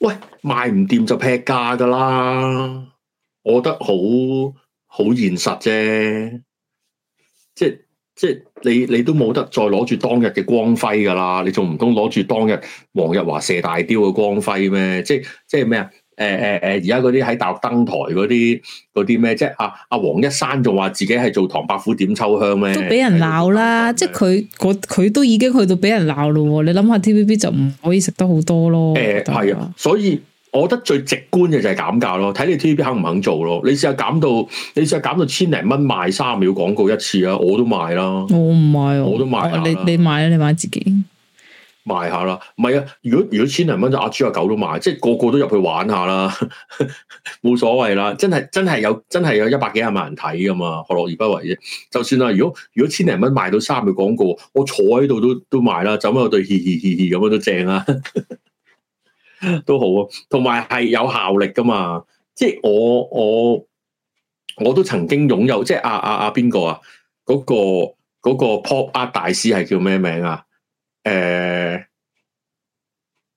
喂，賣唔掂就劈價噶啦，我覺得好好現實啫，即係即係你你都冇得再攞住當日嘅光輝噶啦，你仲唔通攞住當日黃日華射大雕嘅光輝咩？即係即係咩啊？誒誒誒，而家嗰啲喺大陸登台嗰啲啲咩，即係阿阿黃一山仲話自己係做唐伯虎點秋香咩？都俾人鬧啦，即係佢佢都已經去到俾人鬧咯。你諗下 TVB 就唔可以食得好多咯。誒係啊，所以我覺得最直觀嘅就係減價咯，睇你 TVB 肯唔肯做咯。你試下減到，你試下減到千零蚊賣三秒廣告一次啊，我都買啦。我唔買，我都買。你你買啊，你買自己。賣下啦，唔係啊！如果如果千零蚊就阿豬阿狗都賣，即係個個都入去玩下啦，冇所謂啦。真係真係有真係有一百幾廿萬人睇噶嘛，何樂而不為啫。就算啊，如果如果千零蚊賣到三個廣告，我坐喺度都都賣啦，走翻，我對嘻嘻嘻嘻咁樣都正啊呵呵，都好啊。同埋係有效力噶嘛，即係我我我都曾經擁有，即係阿阿阿邊個啊？嗰個嗰個 pop up 大師係叫咩名啊？誒、呃，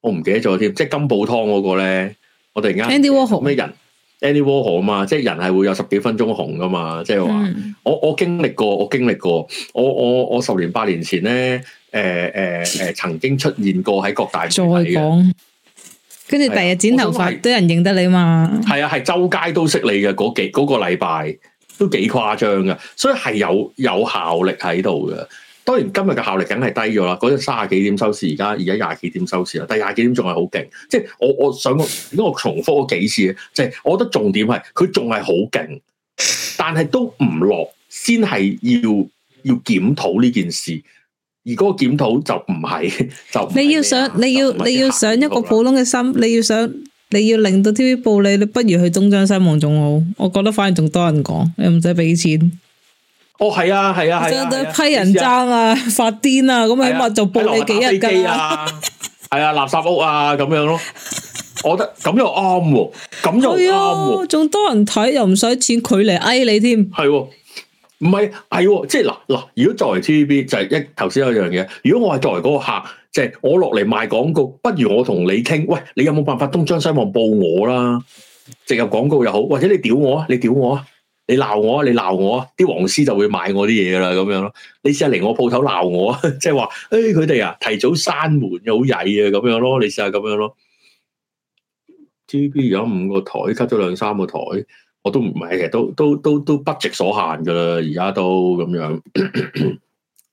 我唔記得咗添，即係金寶湯嗰個咧，我突然間 Andy Warhol 咩人 Andy Warhol 啊嘛，即係人係會有十幾分鐘紅噶嘛，即係話我我經歷過，我經歷過，我我我十年八年前咧，誒誒誒，曾經出現過喺各大媒體嘅，跟住第日剪頭髮，多人認得你嘛？係啊，係周街都識你嘅，嗰幾、嗰個禮拜都幾誇張噶，所以係有有效力喺度嘅。當然今日嘅效力梗係低咗啦，嗰陣三十廿幾點收視，而家而家廿幾點收視啦。但廿幾點仲係好勁，即係我我想如果我重複咗幾次，即係我覺得重點係佢仲係好勁，但係都唔落，先係要要檢討呢件事。而嗰個檢討就唔係就唔係你要想你要你要想一個普通嘅心，你要想你要令到 TVB 暴利，你不如去東張西望仲好。我覺得反而仲多人講，你唔使俾錢。哦，係啊，係啊，爭到批人爭啊，發癲啊，咁起碼就報你幾日架啊，係 啊，垃圾屋啊，咁樣咯。我覺得咁又啱喎，咁又啱喎，仲、응 嗯、多人睇又唔使錢，佢嚟嗌你添。係喎、啊，唔係 I 即係嗱嗱。如果作為 T V B 就係一頭先有一樣嘢。如果我係作為嗰個客，即係我落嚟賣廣告，不如我同你傾。喂，你有冇辦法東張西望報我啦？植入廣告又好，或者你屌我，我啊，你屌我啊！你鬧我啊！你鬧我啊！啲黃絲就會買我啲嘢噶啦，咁樣咯。你試下嚟我鋪頭鬧我啊！即係話，誒、哎，佢哋啊，提早閂門，好曳啊，咁樣咯。你試下咁樣咯。TVB 有五個台，cut 咗兩三個台，我都唔係，其實都都都都不值所限噶啦，而家都咁樣。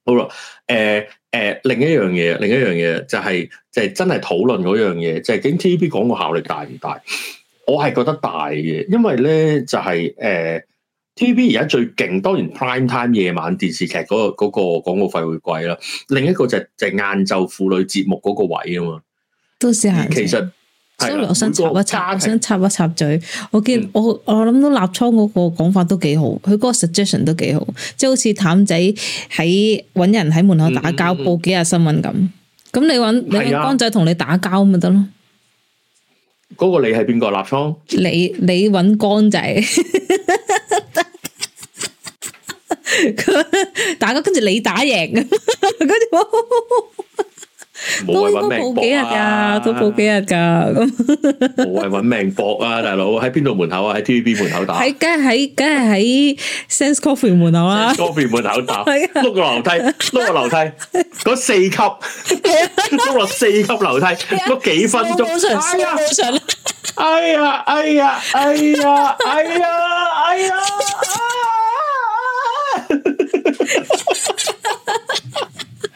好啦，誒、呃、誒、呃，另一樣嘢，另一樣嘢就係就係真係討論嗰樣嘢，就係究竟 TVB 講個效力大唔大？我係覺得大嘅，因為咧就係、是、誒。呃 TV 而家最勁，當然 prime time 夜晚電視劇嗰、嗰個嗰、嗰個、廣告費會貴啦。另一個就係、就晏、係、晝婦女節目嗰個位啊嘛。都試下。其實，因為我想插一插，我想插一插嘴。我見、嗯、我我諗到立倉嗰個講法都幾好，佢嗰個 suggestion 都幾好，即係好似譚仔喺揾人喺門口打交、嗯嗯嗯、報幾日新聞咁。咁你揾你乾仔同你打交咪得咯？嗰、啊、個你係邊個？立倉？你你揾乾仔。 佢大家跟住你打贏，跟住冇，冇謂搵命搏啊！都冇幾日噶，咁，冇謂搵命搏啊！大佬喺邊度門口啊？喺 TVB 門口打，喺梗係喺梗係喺 Sense Coffee 門口啊！Coffee 門口打，碌個樓梯，碌個樓梯，嗰四級，碌落四級樓梯，碌幾分鐘，哎呀，哎呀，哎呀，哎呀，哎呀，哎呀！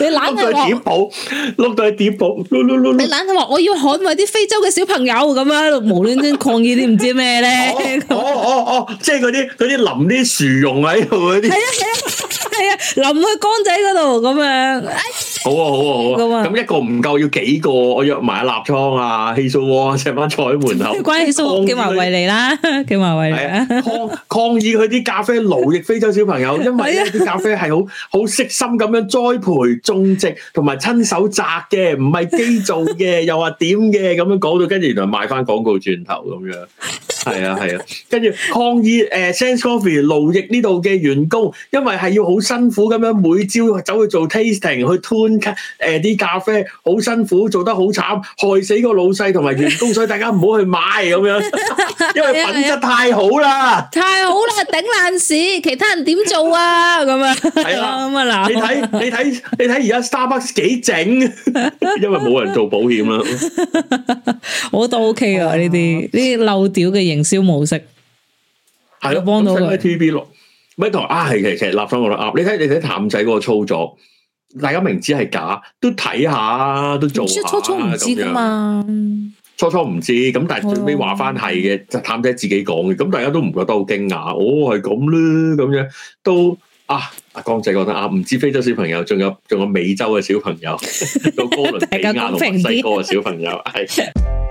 你攬佢話碌對碟布碌碌碌碌，你攬佢話我要捍衛啲非洲嘅小朋友咁啊，無論抗議啲唔知咩咧。哦哦哦，即係嗰啲嗰啲淋啲薯蓉喺度嗰啲。係啊係啊係啊，淋去缸仔嗰度咁樣。好啊好啊好啊，咁一個唔夠要幾個，我約埋阿立倉啊、氣數王啊，成班坐喺門口。關氣數王嘅華為嚟啦，嘅華為啦。抗抗議佢啲咖啡奴役非洲小朋友，因為啲咖啡係好好悉心咁樣栽培。去種植同埋親手摘嘅，唔係機做嘅，又話點嘅咁樣講到，跟住原來賣翻廣告轉頭咁樣。係啊係啊，跟住抗議誒，Saint Coffee 勞役呢度嘅員工，因為係要好辛苦咁樣每朝走去做 tasting 去 tune 誒啲咖啡，好辛苦，做得好慘，害死個老細同埋員工，所以大家唔好去買咁樣，因為品質太好啦，太好啦，頂爛市，其他人點做啊咁啊，係咯咁啊嗱，你睇你睇。你睇而家 Starbucks 幾正？因為冇人做保險啦。 我覺得 OK 啊，呢啲呢啲漏屌嘅營銷模式係咯，幫的到 TV 佢。咩台啊？係其實其實立翻我都啱。你睇你睇譚仔嗰個操作，大家明知係假都睇下，都做下。初初唔知噶嘛？初初唔知，咁但係最尾話翻係嘅，就譚、哎、呀仔自己講嘅。咁大家都唔覺得好驚訝，哦，係咁咧，咁樣都。啊，阿江仔講得啱，唔止非洲小朋友，仲有仲有美洲嘅小朋友，到 哥倫比亞同墨西哥嘅小朋友，係。